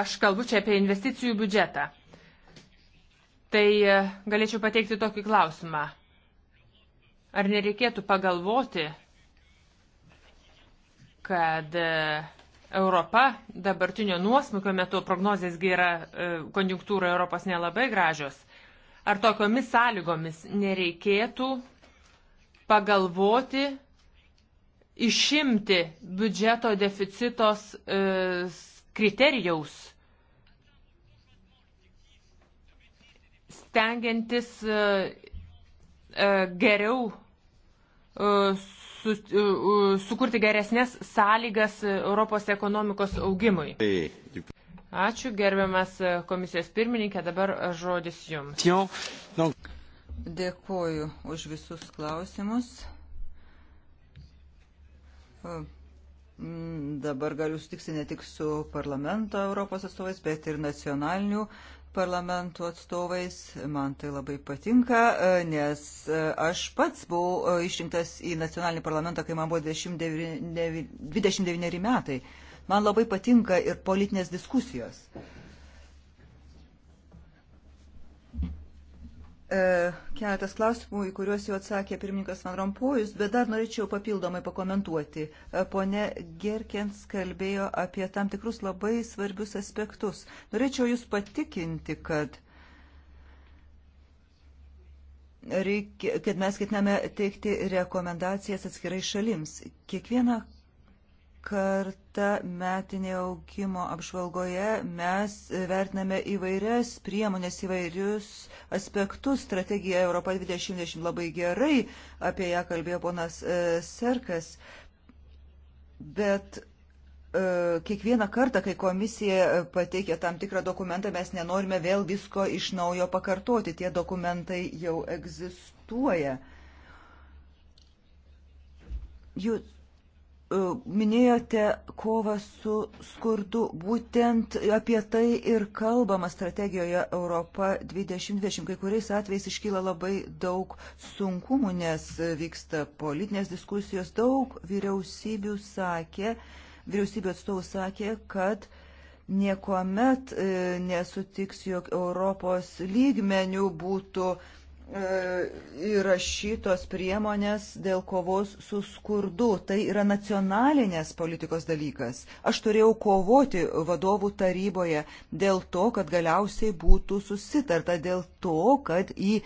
aš kalbu čia apie investicijų biudžetą, tai e, galėčiau pateikti tokį klausimą. Ar nereikėtų pagalvoti, kad e, Europa dabartinio nuosmukio metu prognozijas yra konjunktūra Europos nelabai gražios, ar tokiomis sąlygomis nereikėtų pagalvoti, išimti biudžeto deficitos e, kriterijaus, stengiantis e, e geriau e, su, e, sukurti geresnės sąlygas Europos ekonomikos augimui. Tai. Ačiū, gerbiamas komisijos pirmininkė, dabar žodis jums. Dėkuoju už visus klausimus. Mm, dabar galiu sutikti ne tik su parlamento Europos atstovais, bet ir nacionalinių parlamentų atstovais. Man tai labai patinka, e, nes e, aš pats buvau e, išrinktas į nacionalinį parlamentą, kai man buvo 29, 29 metai. Man labai patinka ir politinės diskusijos. E, keletas klausimų, į kuriuos jau atsakė pirmininkas Van Rompojus, bet dar norėčiau papildomai pakomentuoti. E, pone Gerkens kalbėjo apie tam tikrus labai svarbius aspektus. Norėčiau Jūs patikinti, kad reikia, kad mes ketiname teikti rekomendacijas atskirai šalims. Kiekvieną kartą metinėje augimo apžvalgoje mes vertiname įvairias priemonės, įvairius aspektus. Strategija Europa 2020 labai gerai, apie ją kalbėjo ponas e, Serkas. Bet e, kiekvieną kartą, kai komisija pateikia tam tikrą dokumentą, mes nenorime vėl visko iš naujo pakartoti. Tie dokumentai jau egzistuoja. Jūs Minėjote kovą su skurdu. Būtent apie tai ir kalbama strategijoje Europa 2020. Kai kuriais atvejais iškyla labai daug sunkumų, nes vyksta politinės diskusijos. Daug vyriausybių sakė, vyriausybių atstovų sakė, kad niekuomet e, nesutiks, jog Europos lygmenių būtų uh, E, įrašytos priemonės dėl kovos su skurdu. Tai yra nacionalinės politikos dalykas. Aš turėjau kovoti vadovų taryboje dėl to, kad galiausiai būtų susitarta, dėl to, kad į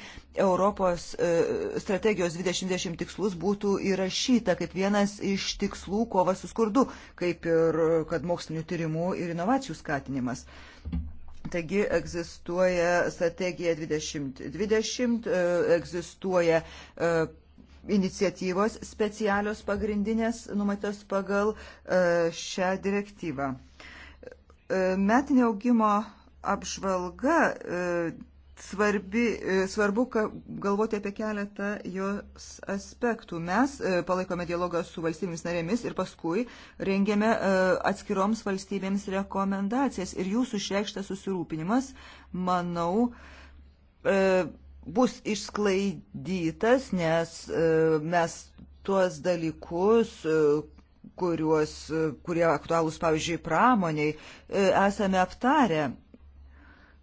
Europos e, strategijos 2020 tikslus būtų įrašyta kaip vienas iš tikslų kova su skurdu, kaip ir kad mokslinių tyrimų ir inovacijų skatinimas. Taigi egzistuoja strategija 2020, e, egzistuoja e, iniciatyvos specialios pagrindinės numatytos pagal e, šią direktyvą. Metinio augimo apžvalga svarbi, e, svarbu galvoti apie keletą jos aspektų. Mes e, palaikome dialogą su valstybėmis narėmis ir paskui rengėme e, atskiroms valstybėms rekomendacijas. Ir jūsų išreikštas susirūpinimas, manau, bus išsklaidytas, nes mes tuos dalykus, kuriuos, kurie aktualūs, pavyzdžiui, pramoniai, esame aptarę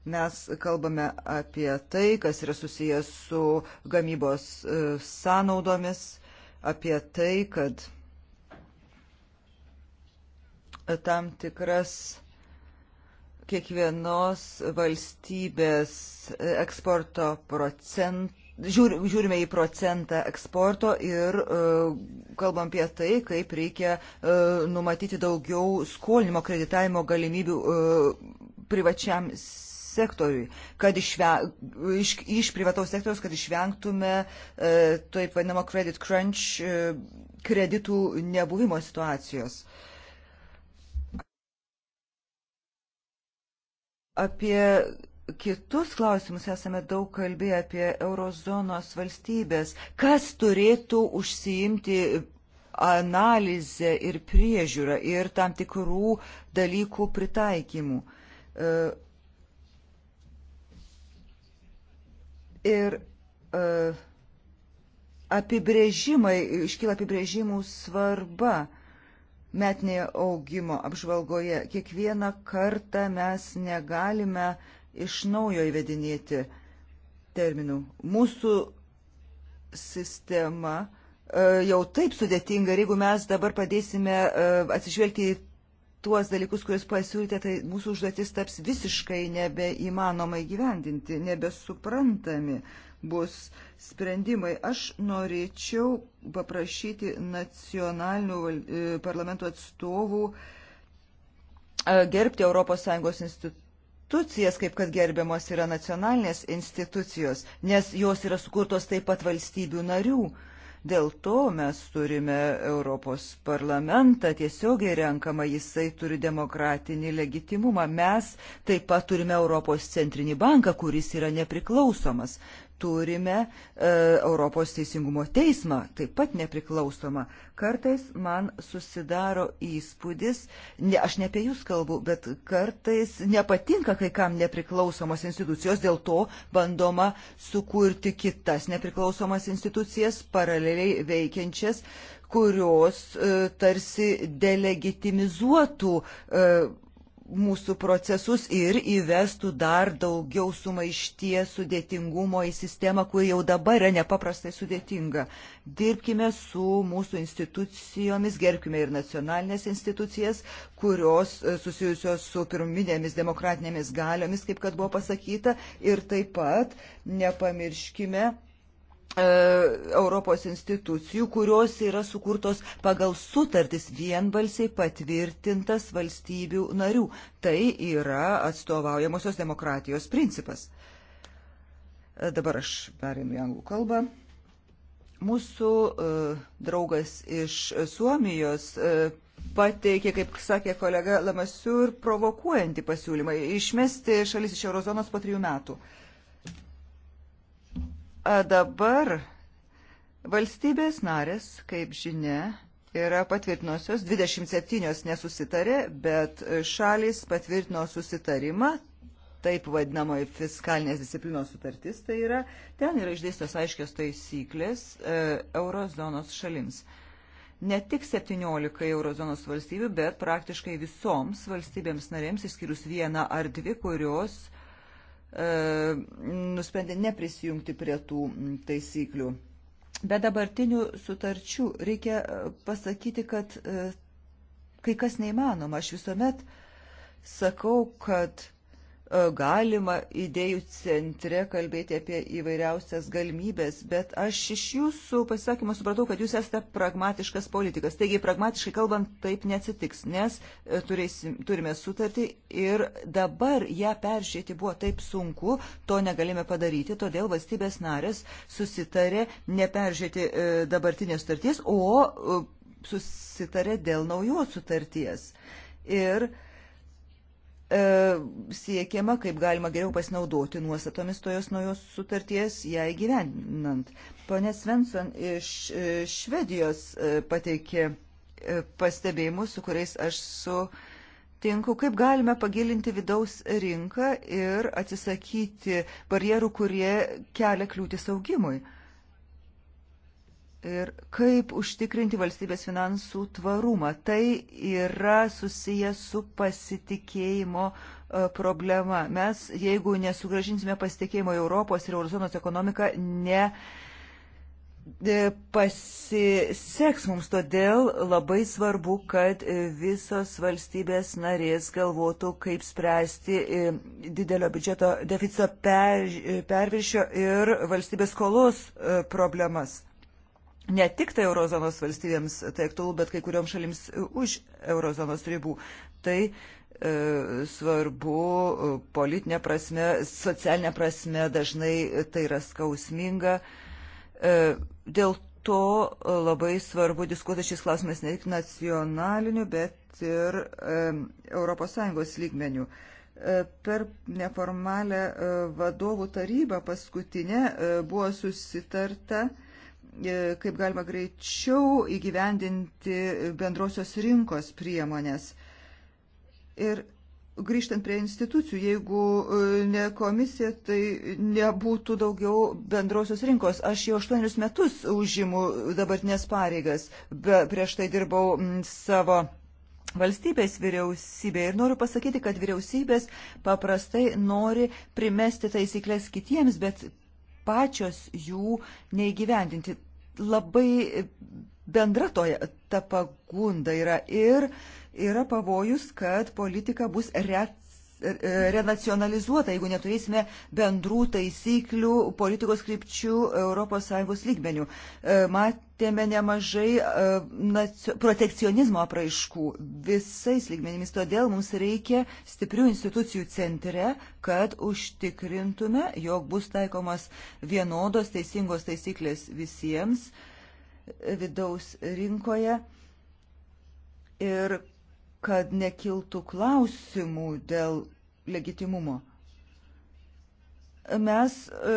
Mes kalbame apie tai, kas yra susijęs su gamybos e, sąnaudomis, apie tai, kad tam tikras kiekvienos valstybės eksporto procent, žiūr, žiūrime į procentą eksporto ir uh, kalbam apie tai, kaip reikia uh, numatyti daugiau skolinimo kreditavimo galimybių uh, privačiam sektoriui sektoriui, kad išve, iš, iš privataus sektoriaus, kad išvengtume e, taip vadinamo credit crunch e, kreditų nebuvimo situacijos. Apie kitus klausimus esame daug kalbėję apie eurozonos valstybės. Kas turėtų užsiimti analizę ir priežiūrą ir tam tikrų dalykų pritaikymų? E, Ir uh, apibrėžimai, iškyla apibrėžimų svarba metinėje augimo apžvalgoje. Kiekvieną kartą mes negalime iš naujo įvedinėti terminų. Mūsų sistema uh, jau taip sudėtinga ir jeigu mes dabar padėsime uh, atsižvelgti į tuos dalykus, kuriuos pasiūlyti, tai mūsų užduotis taps visiškai nebeįmanoma įgyvendinti, nebesuprantami bus sprendimai. Aš norėčiau paprašyti nacionalinių e, parlamentų atstovų e, gerbti ES institucijas, kaip kad gerbiamos yra nacionalinės institucijos, nes jos yra sukurtos taip pat valstybių narių. Dėl to mes turime Europos parlamentą tiesiogiai renkamą, jisai turi demokratinį legitimumą. Mes taip pat turime Europos centrinį banką, kuris yra nepriklausomas turime e, Europos teisingumo teismą, taip pat nepriklausomą. Kartais man susidaro įspūdis, ne, aš ne apie jūs kalbu, bet kartais nepatinka kai kam nepriklausomos institucijos, dėl to bandoma sukurti kitas nepriklausomas institucijas, paraleliai veikiančias, kurios e, tarsi delegitimizuotų e, mūsų procesus ir įvestų dar daugiau sumaišties sudėtingumo į sistemą, kuri jau dabar yra nepaprastai sudėtinga. Dirbkime su mūsų institucijomis, gerbkime ir nacionalinės institucijas, kurios e, susijusios su pirminėmis demokratinėmis galiomis, kaip kad buvo pasakyta, ir taip pat nepamirškime E, Europos institucijų, kurios yra sukurtos pagal sutartis vienbalsiai patvirtintas valstybių narių. Tai yra atstovaujamosios demokratijos principas. E, dabar aš perėmiu į anglų kalbą. Mūsų uh, draugas iš Suomijos uh, pateikė, kaip sakė kolega Lamasiur, provokuojantį pasiūlymą išmesti šalis iš eurozonos po trijų metų. Uh, A dabar valstybės narės, kaip žinia, yra patvirtinosios, 27 nesusitarė, bet šalis patvirtino susitarimą, taip vadinamoji fiskalinės disciplinos sutartis, tai yra, ten yra išdėstos aiškios taisyklės e, eurozonos šalims. Ne tik 17 eurozonos valstybių, bet praktiškai visoms valstybėms narėms, išskyrus vieną ar dvi, kurios e, E, nusprendė neprisijungti prie tų taisyklių. Be dabartinių sutarčių reikia e, pasakyti, kad e, kai kas neįmanoma. Aš visuomet sakau, kad E, galima idėjų centre kalbėti apie įvairiausias galimybės, bet aš iš jūsų pasisakymo supratau, kad jūs esate pragmatiškas politikas. Taigi, pragmatiškai kalbant, taip neatsitiks, nes e, turėsim, turime sutartį ir dabar ją peržiūrėti buvo taip sunku, to negalime padaryti, todėl valstybės narės susitarė neperžiūrėti e, dabartinės sutarties, o susitarė dėl naujos sutarties. Ir uh, E, siekiama, kaip galima geriau pasinaudoti nuostatomis tojos naujos sutarties ją įgyvendinant. Pane Svensson iš e, Švedijos e, pateikė pastebėjimus, su kuriais aš sutinku, kaip galime pagilinti vidaus rinką ir atsisakyti barjerų, kurie kelia kliūtis augimui. Ir kaip užtikrinti valstybės finansų tvarumą. Tai yra susiję su pasitikėjimo e, problema. Mes, jeigu nesugražinsime pasitikėjimo Europos ir Eurozonos ekonomiką, ne e, pasiseks mums todėl labai svarbu, kad visos valstybės narės galvotų, kaip spręsti e, didelio biudžeto deficito per, perviršio ir valstybės skolos problemas ne tik tai eurozonos valstybėms tai aktualu, bet kai kurioms šalims e, už eurozonos ribų. Tai e, svarbu e, politinė prasme, socialinė prasme, dažnai tai yra skausminga. E, dėl to e, labai svarbu diskutuoti šis klausimas ne tik nacionaliniu, bet ir e, ES lygmeniu. E, per neformalę e, vadovų tarybą paskutinę e, buvo susitarta, e, E, kaip galima greičiau įgyvendinti bendrosios rinkos priemonės. Ir grįžtant prie institucijų, jeigu e, ne komisija, tai nebūtų daugiau bendrosios rinkos. Aš jau aštuonius metus užimu dabartinės pareigas, Be, prieš tai dirbau savo valstybės vyriausybė. Ir noriu pasakyti, kad vyriausybės paprastai nori primesti taisyklės kitiems, bet pačios jų neįgyvendinti. Labai bendra toje ta pagunda yra ir yra pavojus, kad politika bus reakcija renacionalizuota, jeigu neturėsime bendrų taisyklių politikos krypčių ES lygmenių. E, matėme nemažai e, protekcionizmo apraiškų visais lygmenimis, todėl mums reikia stiprių institucijų centre, kad užtikrintume, jog bus taikomas vienodos teisingos taisyklės visiems vidaus rinkoje ir kad nekiltų klausimų dėl legitimumo. Mes e,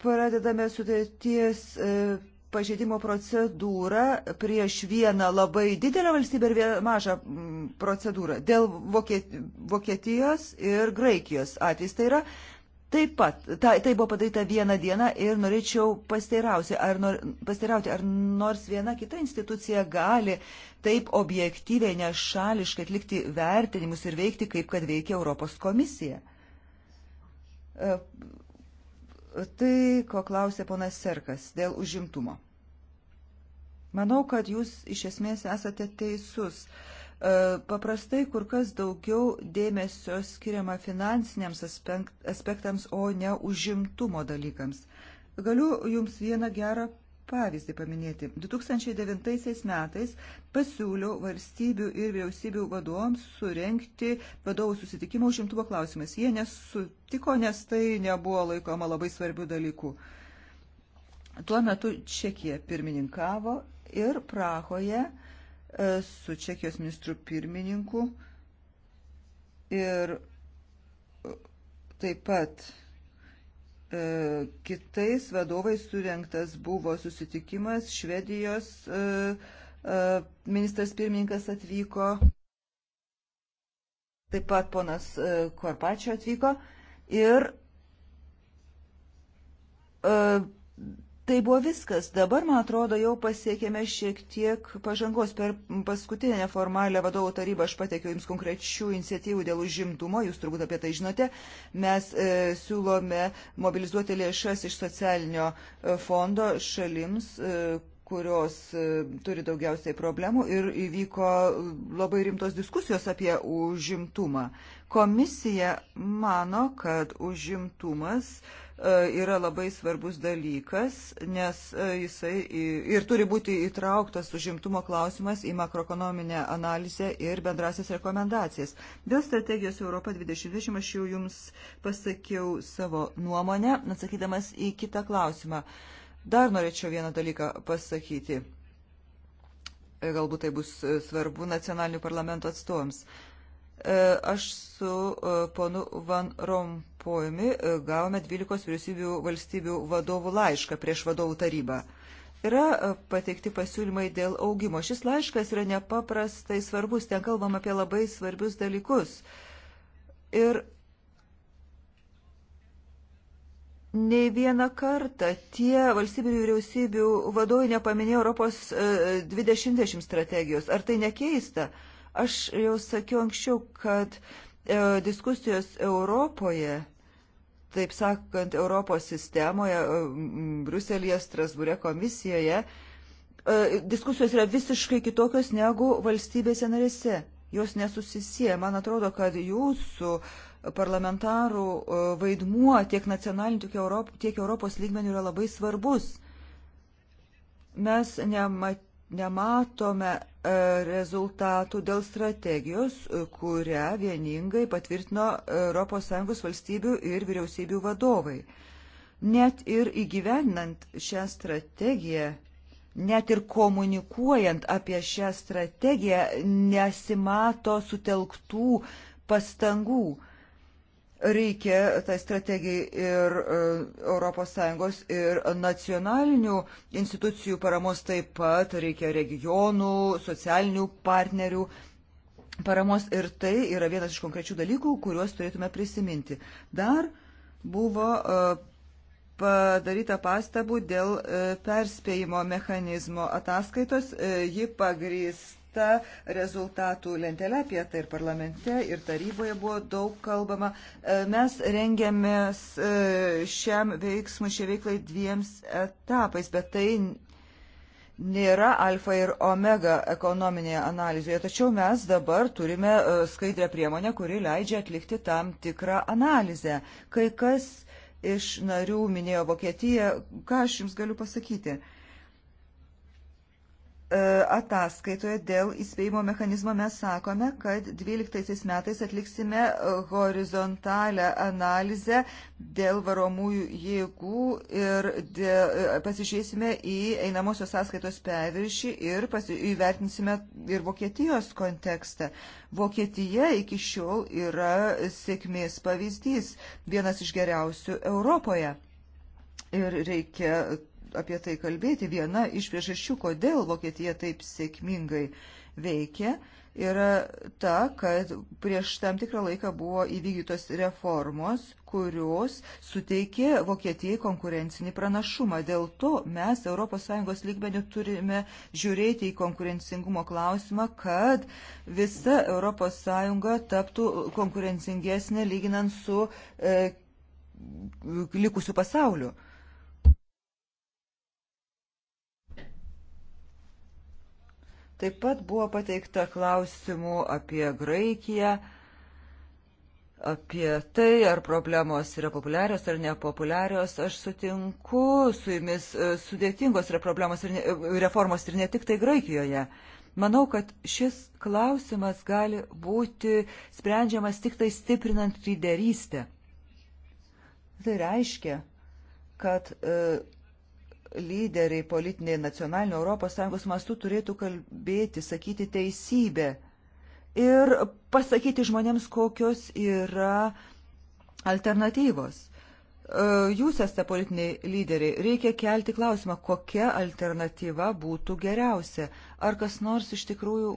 pradedame sudėties e, pažeidimo procedūrą prieš vieną labai didelę valstybę ir vieną mažą procedūrą. Dėl Vokietijos ir Graikijos atvejs tai yra Taip pat, ta, tai buvo padaryta vieną dieną ir norėčiau pasteirauti, ar, nor, pasteirauti, ar nors viena kita institucija gali taip objektyviai, nešališkai atlikti vertinimus ir veikti, kaip kad veikia Europos komisija. E, tai, ko klausė ponas Serkas, dėl užimtumo. Manau, kad jūs iš esmės esate teisus. Uh, E, paprastai kur kas daugiau dėmesio skiriama finansiniams aspektams, o ne užimtumo dalykams. Galiu Jums vieną gerą pavyzdį paminėti. 2009 metais pasiūliau valstybių ir vyriausybių vadovams surenkti vadovų susitikimą užimtumo klausimais. Jie nesutiko, nes tai nebuvo laikoma labai svarbių dalykų. Tuo metu Čekija pirmininkavo ir Prahoje uh, E, su Čekijos ministru pirmininku ir e, taip pat e, kitais vadovais surinktas buvo susitikimas Švedijos ministras pirmininkas atvyko, taip pat ponas Korpačio atvyko ir Tai buvo viskas. Dabar, man atrodo, jau pasiekėme šiek tiek pažangos. Per paskutinę neformalią vadovų tarybą aš pateikiau Jums konkrečių iniciatyvų dėl užimtumo, Jūs turbūt apie tai žinote. Mes e, siūlome mobilizuoti lėšas iš socialinio e, fondo šalims, e, kurios e, turi daugiausiai problemų ir įvyko labai rimtos diskusijos apie užimtumą. Komisija mano, kad užimtumas. E, E, yra labai svarbus dalykas, nes e, jisai ir turi būti įtrauktas užimtumo klausimas į makroekonominę analizę ir bendrasias rekomendacijas. Dėl strategijos Europa 2020 aš jau jums pasakiau savo nuomonę, atsakydamas į kitą klausimą. Dar norėčiau vieną dalyką pasakyti. E, galbūt tai bus svarbu nacionalinių parlamento atstovams. Aš su ponu Van Rompuy pojumi e, gavome 12 vyriausybių valstybių vadovų laišką prieš vadovų tarybą. Yra e, pateikti pasiūlymai dėl augimo. Šis laiškas yra nepaprastai svarbus, ten kalbam apie labai svarbius dalykus. Ir Nei vieną kartą tie valstybių vyriausybių vadovai nepaminėjo Europos 2020 e, strategijos. Ar tai nekeista? Aš jau sakiau anksčiau, kad diskusijos Europoje taip sakant, Europos sistemoje, Bruselėje, Strasbūre komisijoje, e, diskusijos yra visiškai kitokios negu valstybėse narėse. Jos nesusisie. Man atrodo, kad jūsų parlamentarų e, vaidmuo tiek nacionaliniu, tiek, Europ, tiek Europos lygmeniu yra labai svarbus. Mes nematėme nematome e, rezultatų dėl strategijos, e, kurią vieningai patvirtino ES valstybių ir vyriausybių vadovai. Net ir įgyvendinant šią strategiją, net ir komunikuojant apie šią strategiją, nesimato sutelktų pastangų reikia tai strategijai ir ES ir nacionalinių institucijų paramos taip pat, reikia regionų, socialinių partnerių paramos ir tai yra vienas iš konkrečių dalykų, kuriuos turėtume prisiminti. Dar buvo e, padaryta pastabų dėl e, perspėjimo mechanizmo ataskaitos, e, ji pagrįsta pateikta rezultatų lentelė, apie tai ir parlamente, ir taryboje buvo daug kalbama. E, mes rengiamės e, šiam veiksmui, šiai veiklai dviems etapais, bet tai nėra alfa ir omega ekonominėje analizėje, tačiau mes dabar turime e, skaidrę priemonę, kuri leidžia atlikti tam tikrą analizę. Kai kas iš narių minėjo Vokietiją, ką aš jums galiu pasakyti? E, ataskaitoje dėl įspėjimo mechanizmo mes sakome, kad 12 metais atliksime e, horizontalę analizę dėl varomųjų jėgų ir dėl, e, pasižiūrėsime į einamosios sąskaitos perviršį ir pasi, įvertinsime ir Vokietijos kontekstą. Vokietija iki šiol yra sėkmės pavyzdys, vienas iš geriausių Europoje. Ir reikia apie tai kalbėti. Viena iš priežasčių, kodėl Vokietija taip sėkmingai veikia, yra ta, kad prieš tam tikrą laiką buvo įvykdytos reformos, kurios suteikė Vokietijai konkurencinį pranašumą. Dėl to mes ES lygmenių turime žiūrėti į konkurencingumo klausimą, kad visa ES taptų konkurencingesnė lyginant su e, likusiu pasauliu. Taip pat buvo pateikta klausimų apie Graikiją, apie tai, ar problemos yra populiarios ar nepopuliarios. Aš sutinku su jumis, e, sudėtingos yra problemos ir ne, e, reformos ir ne tik tai Graikijoje. Manau, kad šis klausimas gali būti sprendžiamas tik tai stiprinant lyderystę. Tai reiškia, kad e, lyderiai politiniai nacionalinio Europos Sąjungos mastu turėtų kalbėti, sakyti teisybę ir pasakyti žmonėms, kokios yra alternatyvos. E, jūs esate politiniai lyderiai. Reikia kelti klausimą, kokia alternatyva būtų geriausia. Ar kas nors iš tikrųjų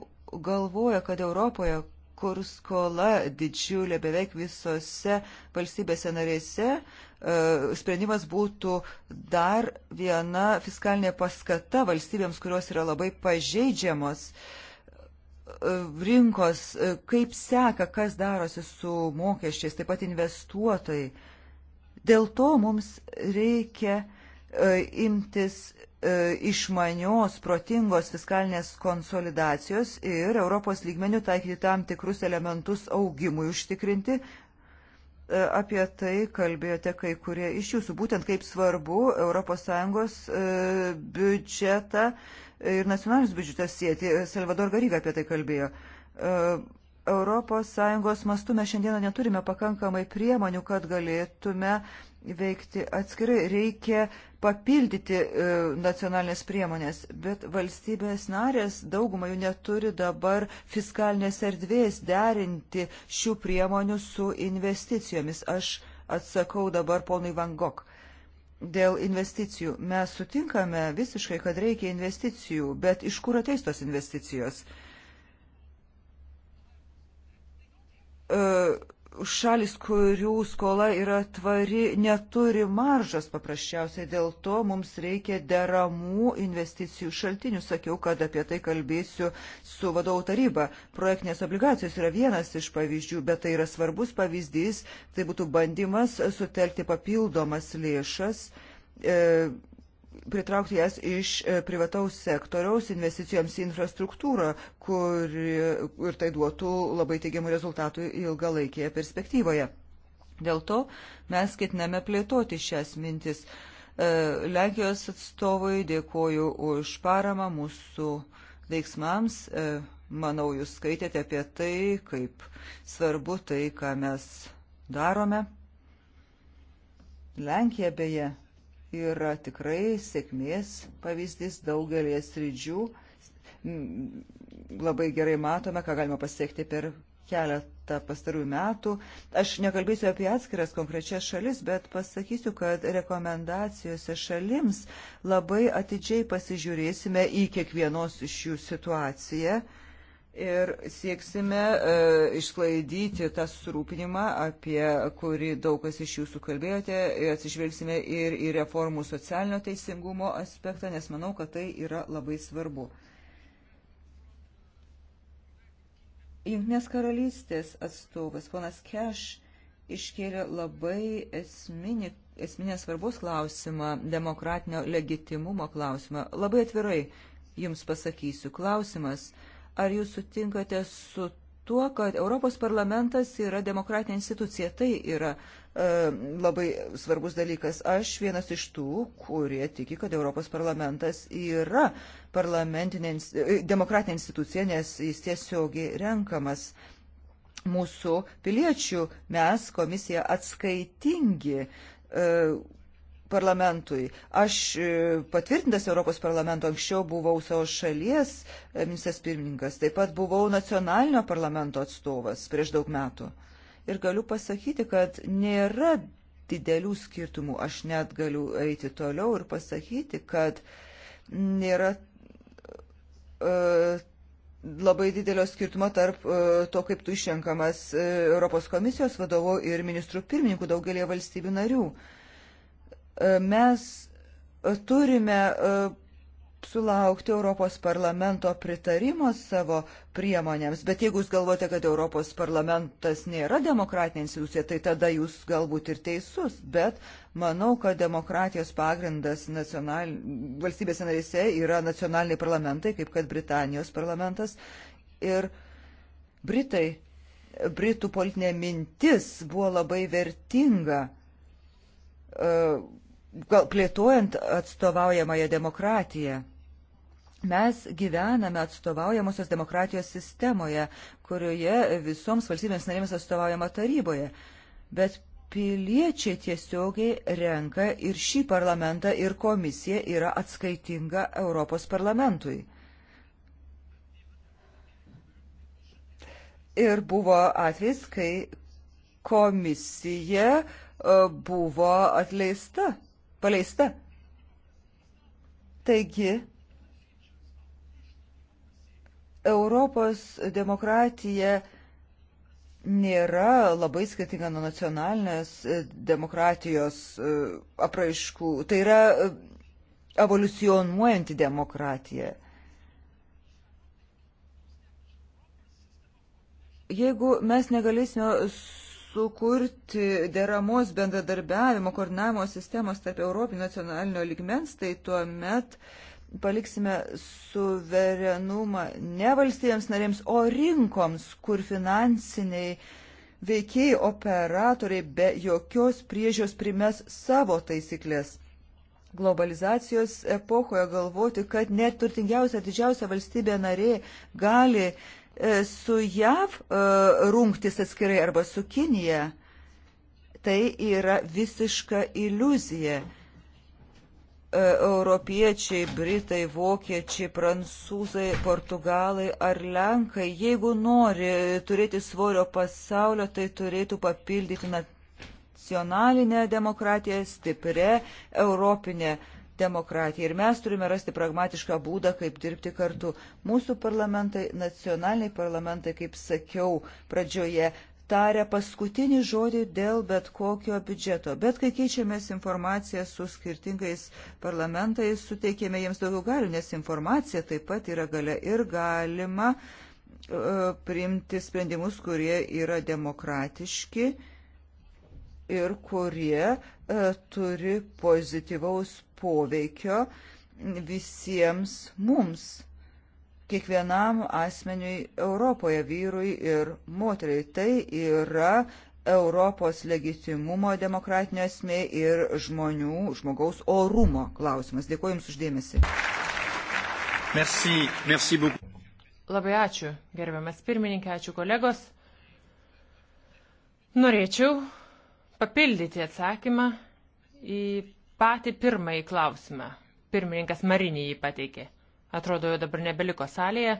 galvoja, kad Europoje, kur skola didžiulė beveik visose valstybėse narėse, e, sprendimas būtų dar viena fiskalinė paskata valstybėms, kurios yra labai pažeidžiamos e, rinkos, e, kaip seka, kas darosi su mokesčiais, taip pat investuotojai. Dėl to mums reikia imtis E, išmanios, protingos fiskalinės konsolidacijos ir Europos lygmenių taikyti tam tikrus elementus augimui užtikrinti. E, apie tai kalbėjote kai kurie iš jūsų, būtent kaip svarbu ES e, biudžetą ir nacionalinius biudžetas sėti. Salvador Garyga apie tai kalbėjo. ES mastu mes šiandieną neturime pakankamai priemonių, kad galėtume veikti atskirai. Reikia uh, papildyti e, nacionalinės priemonės, bet valstybės narės daugumą jų neturi dabar fiskalinės erdvės derinti šių priemonių su investicijomis. Aš atsakau dabar ponui Van Gogh. Dėl investicijų mes sutinkame visiškai, kad reikia investicijų, bet iš kur ateis tos investicijos? Uh, šalis, kurių skola yra tvari, neturi maržas paprasčiausiai. Dėl to mums reikia deramų investicijų šaltinių. Sakiau, kad apie tai kalbėsiu su vadovų taryba. Projektinės obligacijos yra vienas iš pavyzdžių, bet tai yra svarbus pavyzdys. Tai būtų bandymas sutelkti papildomas lėšas. E, pritraukti jas iš e, privataus sektoriaus investicijoms į infrastruktūrą, kur ir tai duotų labai teigiamų rezultatų ilgalaikėje perspektyvoje. Dėl to mes ketiname plėtoti šias mintis. E, Lenkijos atstovui dėkoju už paramą mūsų veiksmams. E, manau, jūs skaitėte apie tai, kaip svarbu tai, ką mes darome. Lenkija beje yra tikrai sėkmės pavyzdys daugelės rydžių. Labai gerai matome, ką galima pasiekti per keletą pastarųjų metų. Aš nekalbėsiu apie atskiras konkrečias šalis, bet pasakysiu, kad rekomendacijose šalims labai atidžiai pasižiūrėsime į kiekvienos iš jų situaciją ir sieksime e, išsklaidyti tą surūpinimą, apie kurį daug kas iš jūsų kalbėjote, atsižvelgsime ir į reformų socialinio teisingumo aspektą, nes manau, kad tai yra labai svarbu. Junknės karalystės atstovas ponas Keš iškėlė labai esminį, esminės svarbus klausimą, demokratinio legitimumo klausimą. Labai atvirai jums pasakysiu. Klausimas, Ar jūs sutinkate su tuo, kad Europos parlamentas yra demokratinė institucija? Tai yra e, labai svarbus dalykas. Aš vienas iš tų, kurie tiki, kad Europos parlamentas yra parlamentinė, e, demokratinė institucija, nes jis tiesiogiai renkamas mūsų piliečių. Mes komisija atskaitingi. E, parlamentui. Aš e, patvirtintas Europos parlamento anksčiau buvau savo šalies e, ministras pirmininkas, taip pat buvau nacionalinio parlamento atstovas prieš daug metų. Ir galiu pasakyti, kad nėra didelių skirtumų. Aš net galiu eiti toliau ir pasakyti, kad nėra e, labai didelio skirtumo tarp e, to, kaip tu išrenkamas e, Europos komisijos vadovu ir ministrų pirmininkų daugelį valstybių narių. E, E, mes e, turime e, sulaukti Europos parlamento pritarimo savo priemonėms, bet jeigu jūs galvote, kad Europos parlamentas nėra demokratinė institucija, tai tada jūs galbūt ir teisus, bet manau, kad demokratijos pagrindas nacional... valstybės narėse yra nacionaliniai parlamentai, kaip kad Britanijos parlamentas ir Britai, Britų politinė mintis buvo labai vertinga. Uh, gal plėtojant atstovaujamąją demokratiją. Mes gyvename atstovaujamosios demokratijos sistemoje, kurioje visoms valstybėms narėms atstovaujama taryboje. Bet piliečiai tiesiogiai renka ir šį parlamentą, ir komisija yra atskaitinga Europos parlamentui. Ir buvo atvejs, kai komisija e, buvo atleista paleista. Taigi, Europos demokratija nėra labai skirtinga nuo nacionalinės e, demokratijos e, apraiškų. Tai yra e, evoliucionuojanti demokratija. Jeigu mes negalėsime sukurti deramos bendradarbiavimo, koordinavimo sistemos tarp Europinio nacionalinio ligmens, tai tuo met paliksime suverenumą ne valstybėms narėms, o rinkoms, kur finansiniai veikiai operatoriai be jokios priežios primes savo taisyklės. Globalizacijos epochoje galvoti, kad net turtingiausia didžiausia valstybė narė gali E, su JAV e, rungtis atskirai arba su Kinija, tai yra visiška iliuzija. E, europiečiai, Britai, Vokiečiai, Prancūzai, Portugalai ar Lenkai, jeigu nori turėti svorio pasaulio, tai turėtų papildyti nacionalinę demokratiją stiprią europinę demokratiją demokratiją. Ir mes turime rasti pragmatišką būdą, kaip dirbti kartu. Mūsų parlamentai, nacionaliniai parlamentai, kaip sakiau pradžioje, taria paskutinį žodį dėl bet kokio biudžeto. Bet kai keičiamės informaciją su skirtingais parlamentais, suteikėme jiems daugiau galių, nes informacija taip pat yra galia ir galima uh, priimti sprendimus, kurie yra demokratiški ir kurie uh, turi pozityvaus poveikio visiems mums, kiekvienam asmeniui Europoje, vyrui ir moteriai. Tai yra Europos legitimumo demokratinė esmė ir žmonių, žmogaus orumo klausimas. Dėkuoju Jums uždėmesi. Merci, merci beaucoup. Labai ačiū, gerbiamas pirmininkė, ačiū kolegos. Norėčiau papildyti atsakymą į Patį pirmąjį klausimą. Pirmininkas Marinį jį pateikė. Atrodo, jo dabar nebeliko salėje.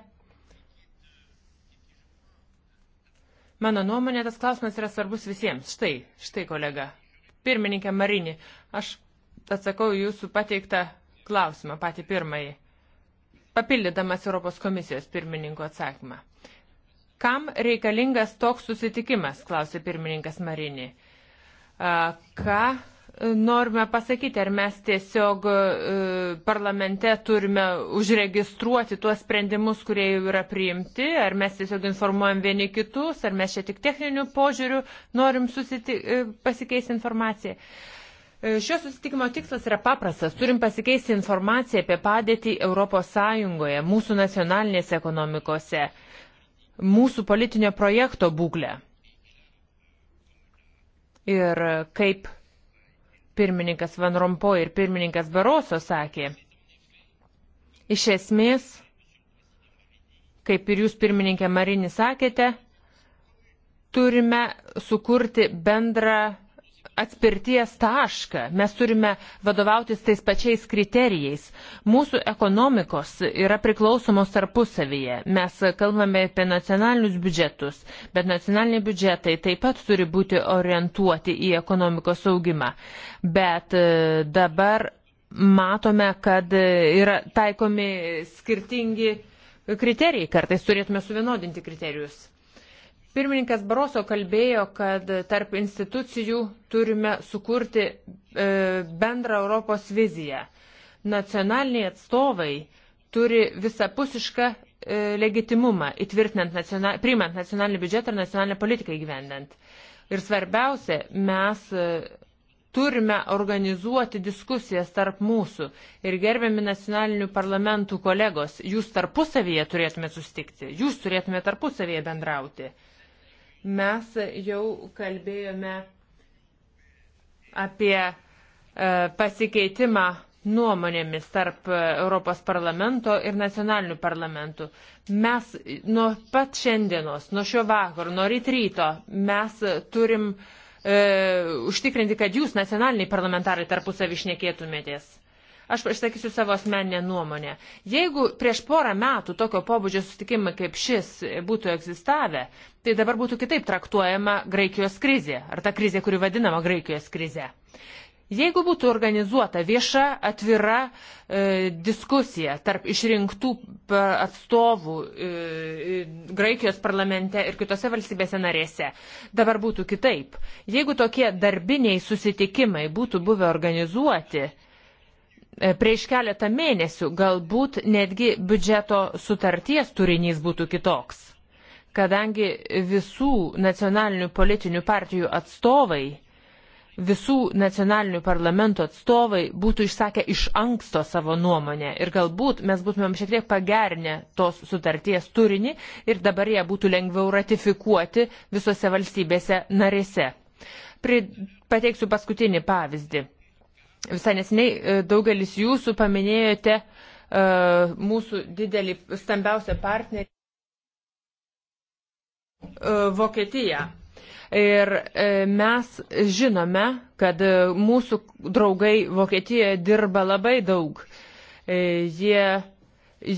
Mano nuomonė, tas klausimas yra svarbus visiems. Štai, štai kolega. Pirmininkė Marinį, aš atsakau jūsų pateiktą klausimą, patį pirmąjį, papildydamas Europos komisijos pirmininko atsakymą. Kam reikalingas toks susitikimas, klausė pirmininkas Marinį. Ką norime pasakyti, ar mes tiesiog e, parlamente turime užregistruoti tuos sprendimus, kurie jau yra priimti, ar mes tiesiog informuojam vieni kitus, ar mes čia tik techninių požiūrių norim susiti... E, pasikeisti informaciją. E, šio susitikimo tikslas yra paprastas. Turim pasikeisti informaciją apie padėtį ES, mūsų nacionalinėse ekonomikose, mūsų politinio projekto būklę. Ir kaip pirmininkas Van Rompuy ir pirmininkas Baroso sakė, iš esmės, kaip ir jūs pirmininkė Marinį sakėte, turime sukurti bendrą atspirties tašką. Mes turime vadovautis tais pačiais kriterijais. Mūsų ekonomikos yra priklausomos tarpusavyje. Mes kalbame apie nacionalinius biudžetus, bet nacionaliniai biudžetai taip pat turi būti orientuoti į ekonomikos augimą. Bet e, dabar matome, kad yra taikomi skirtingi kriterijai. Kartais turėtume suvienodinti kriterijus. Pirmininkas Baroso kalbėjo, kad tarp institucijų turime sukurti e, bendrą Europos viziją. Nacionaliniai atstovai turi visapusišką e, legitimumą, nacional, priimant nacionalinį biudžetą ir nacionalinę politiką įgyvendant. Ir svarbiausia, mes e, turime organizuoti diskusijas tarp mūsų ir gerbiami nacionalinių parlamentų kolegos, jūs tarpusavyje turėtumėte sustikti, jūs turėtumėte tarpusavyje bendrauti. Mes jau kalbėjome apie e, pasikeitimą nuomonėmis tarp Europos parlamento ir nacionalinių parlamentų. Mes nuo pat šiandienos, nuo šio vakaro, nuo ryt ryto mes turim e, užtikrinti, kad jūs, nacionaliniai parlamentarai, tarpusavį išnekėtumėtės. Aš išsakysiu savo asmeninę nuomonę. Jeigu prieš porą metų tokio pobūdžio sustikimai kaip šis būtų egzistavę, tai dabar būtų kitaip traktuojama Graikijos krizė, ar ta krizė, kuri vadinama Graikijos krize. Jeigu būtų organizuota vieša, atvira e, diskusija tarp išrinktų atstovų e, e, Graikijos parlamente ir kitose valstybėse narėse, dabar būtų kitaip. Jeigu tokie darbiniai susitikimai būtų buvę organizuoti, E, prieš keletą mėnesių, galbūt netgi biudžeto sutarties turinys būtų kitoks, kadangi visų nacionalinių politinių partijų atstovai, visų nacionalinių parlamentų atstovai būtų išsakę iš anksto savo nuomonę ir galbūt mes būtumėm šiek tiek pagernę tos sutarties turinį ir dabar ją būtų lengviau ratifikuoti visose valstybėse narėse. Pri... Pateiksiu paskutinį pavyzdį Visai nesiniai e, daugelis jūsų paminėjote e, mūsų didelį stambiausią partnerį e, Vokietiją. Ir mes žinome, kad mūsų draugai Vokietijoje dirba labai daug. Jie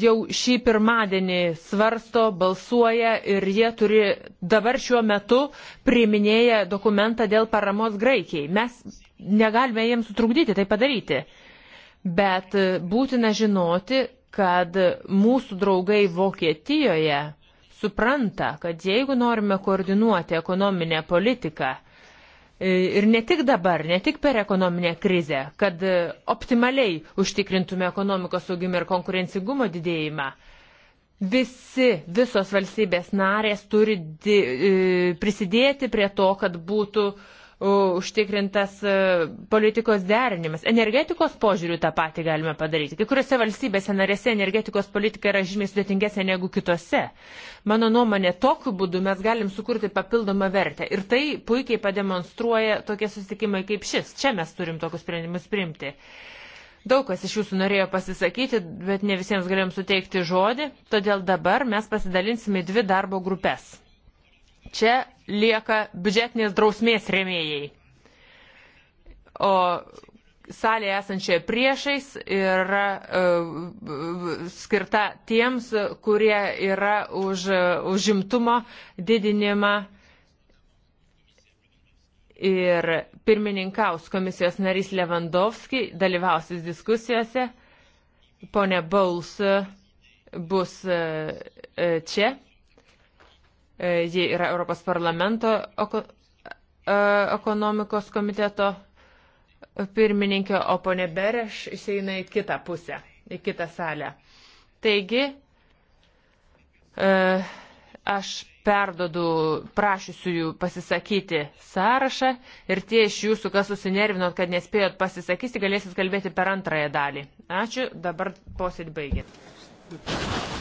jau šį pirmadienį svarsto, balsuoja ir jie turi dabar šiuo metu priiminėja dokumentą dėl paramos Graikijai. Mes negalime jiems sutrukdyti tai padaryti. Bet būtina žinoti, kad mūsų draugai Vokietijoje supranta, kad jeigu norime koordinuoti ekonominę politiką, e, ir ne tik dabar, ne tik per ekonominę krizę, kad optimaliai užtikrintume ekonomikos augimą ir konkurencingumo didėjimą. Visi, visos valstybės narės turi di, e, prisidėti prie to, kad būtų uh, užtikrintas e, politikos derinimas. Energetikos požiūrių tą patį galime padaryti. Kai kuriuose valstybėse narėse energetikos politika yra žymiai sudėtingesnė negu kitose. Mano nuomonė, tokiu būdu mes galim sukurti papildomą vertę. Ir tai puikiai pademonstruoja tokie susitikimai kaip šis. Čia mes turim tokius sprendimus priimti. Daug kas iš jūsų norėjo pasisakyti, bet ne visiems galėjom suteikti žodį, todėl dabar mes pasidalinsime į dvi darbo grupės. Čia lieka biudžetinės drausmės remėjai. O salėje esančioje priešais yra uh, skirta tiems, kurie yra už užimtumo didinimą. Ir pirmininkaus komisijos narys Levandovski dalyvausis diskusijose. Pone Bauls bus e, e, čia E, ji yra Europos parlamento e, ekonomikos komiteto pirmininkė, o ponė Bereš išeina į kitą pusę, į kitą salę. Taigi, e, aš perdodu prašysiu pasisakyti sąrašą ir tie iš jūsų, kas susinervinot, kad nespėjot pasisakysi, galėsit kalbėti per antrąją dalį. Ačiū, dabar posėdį baigėt.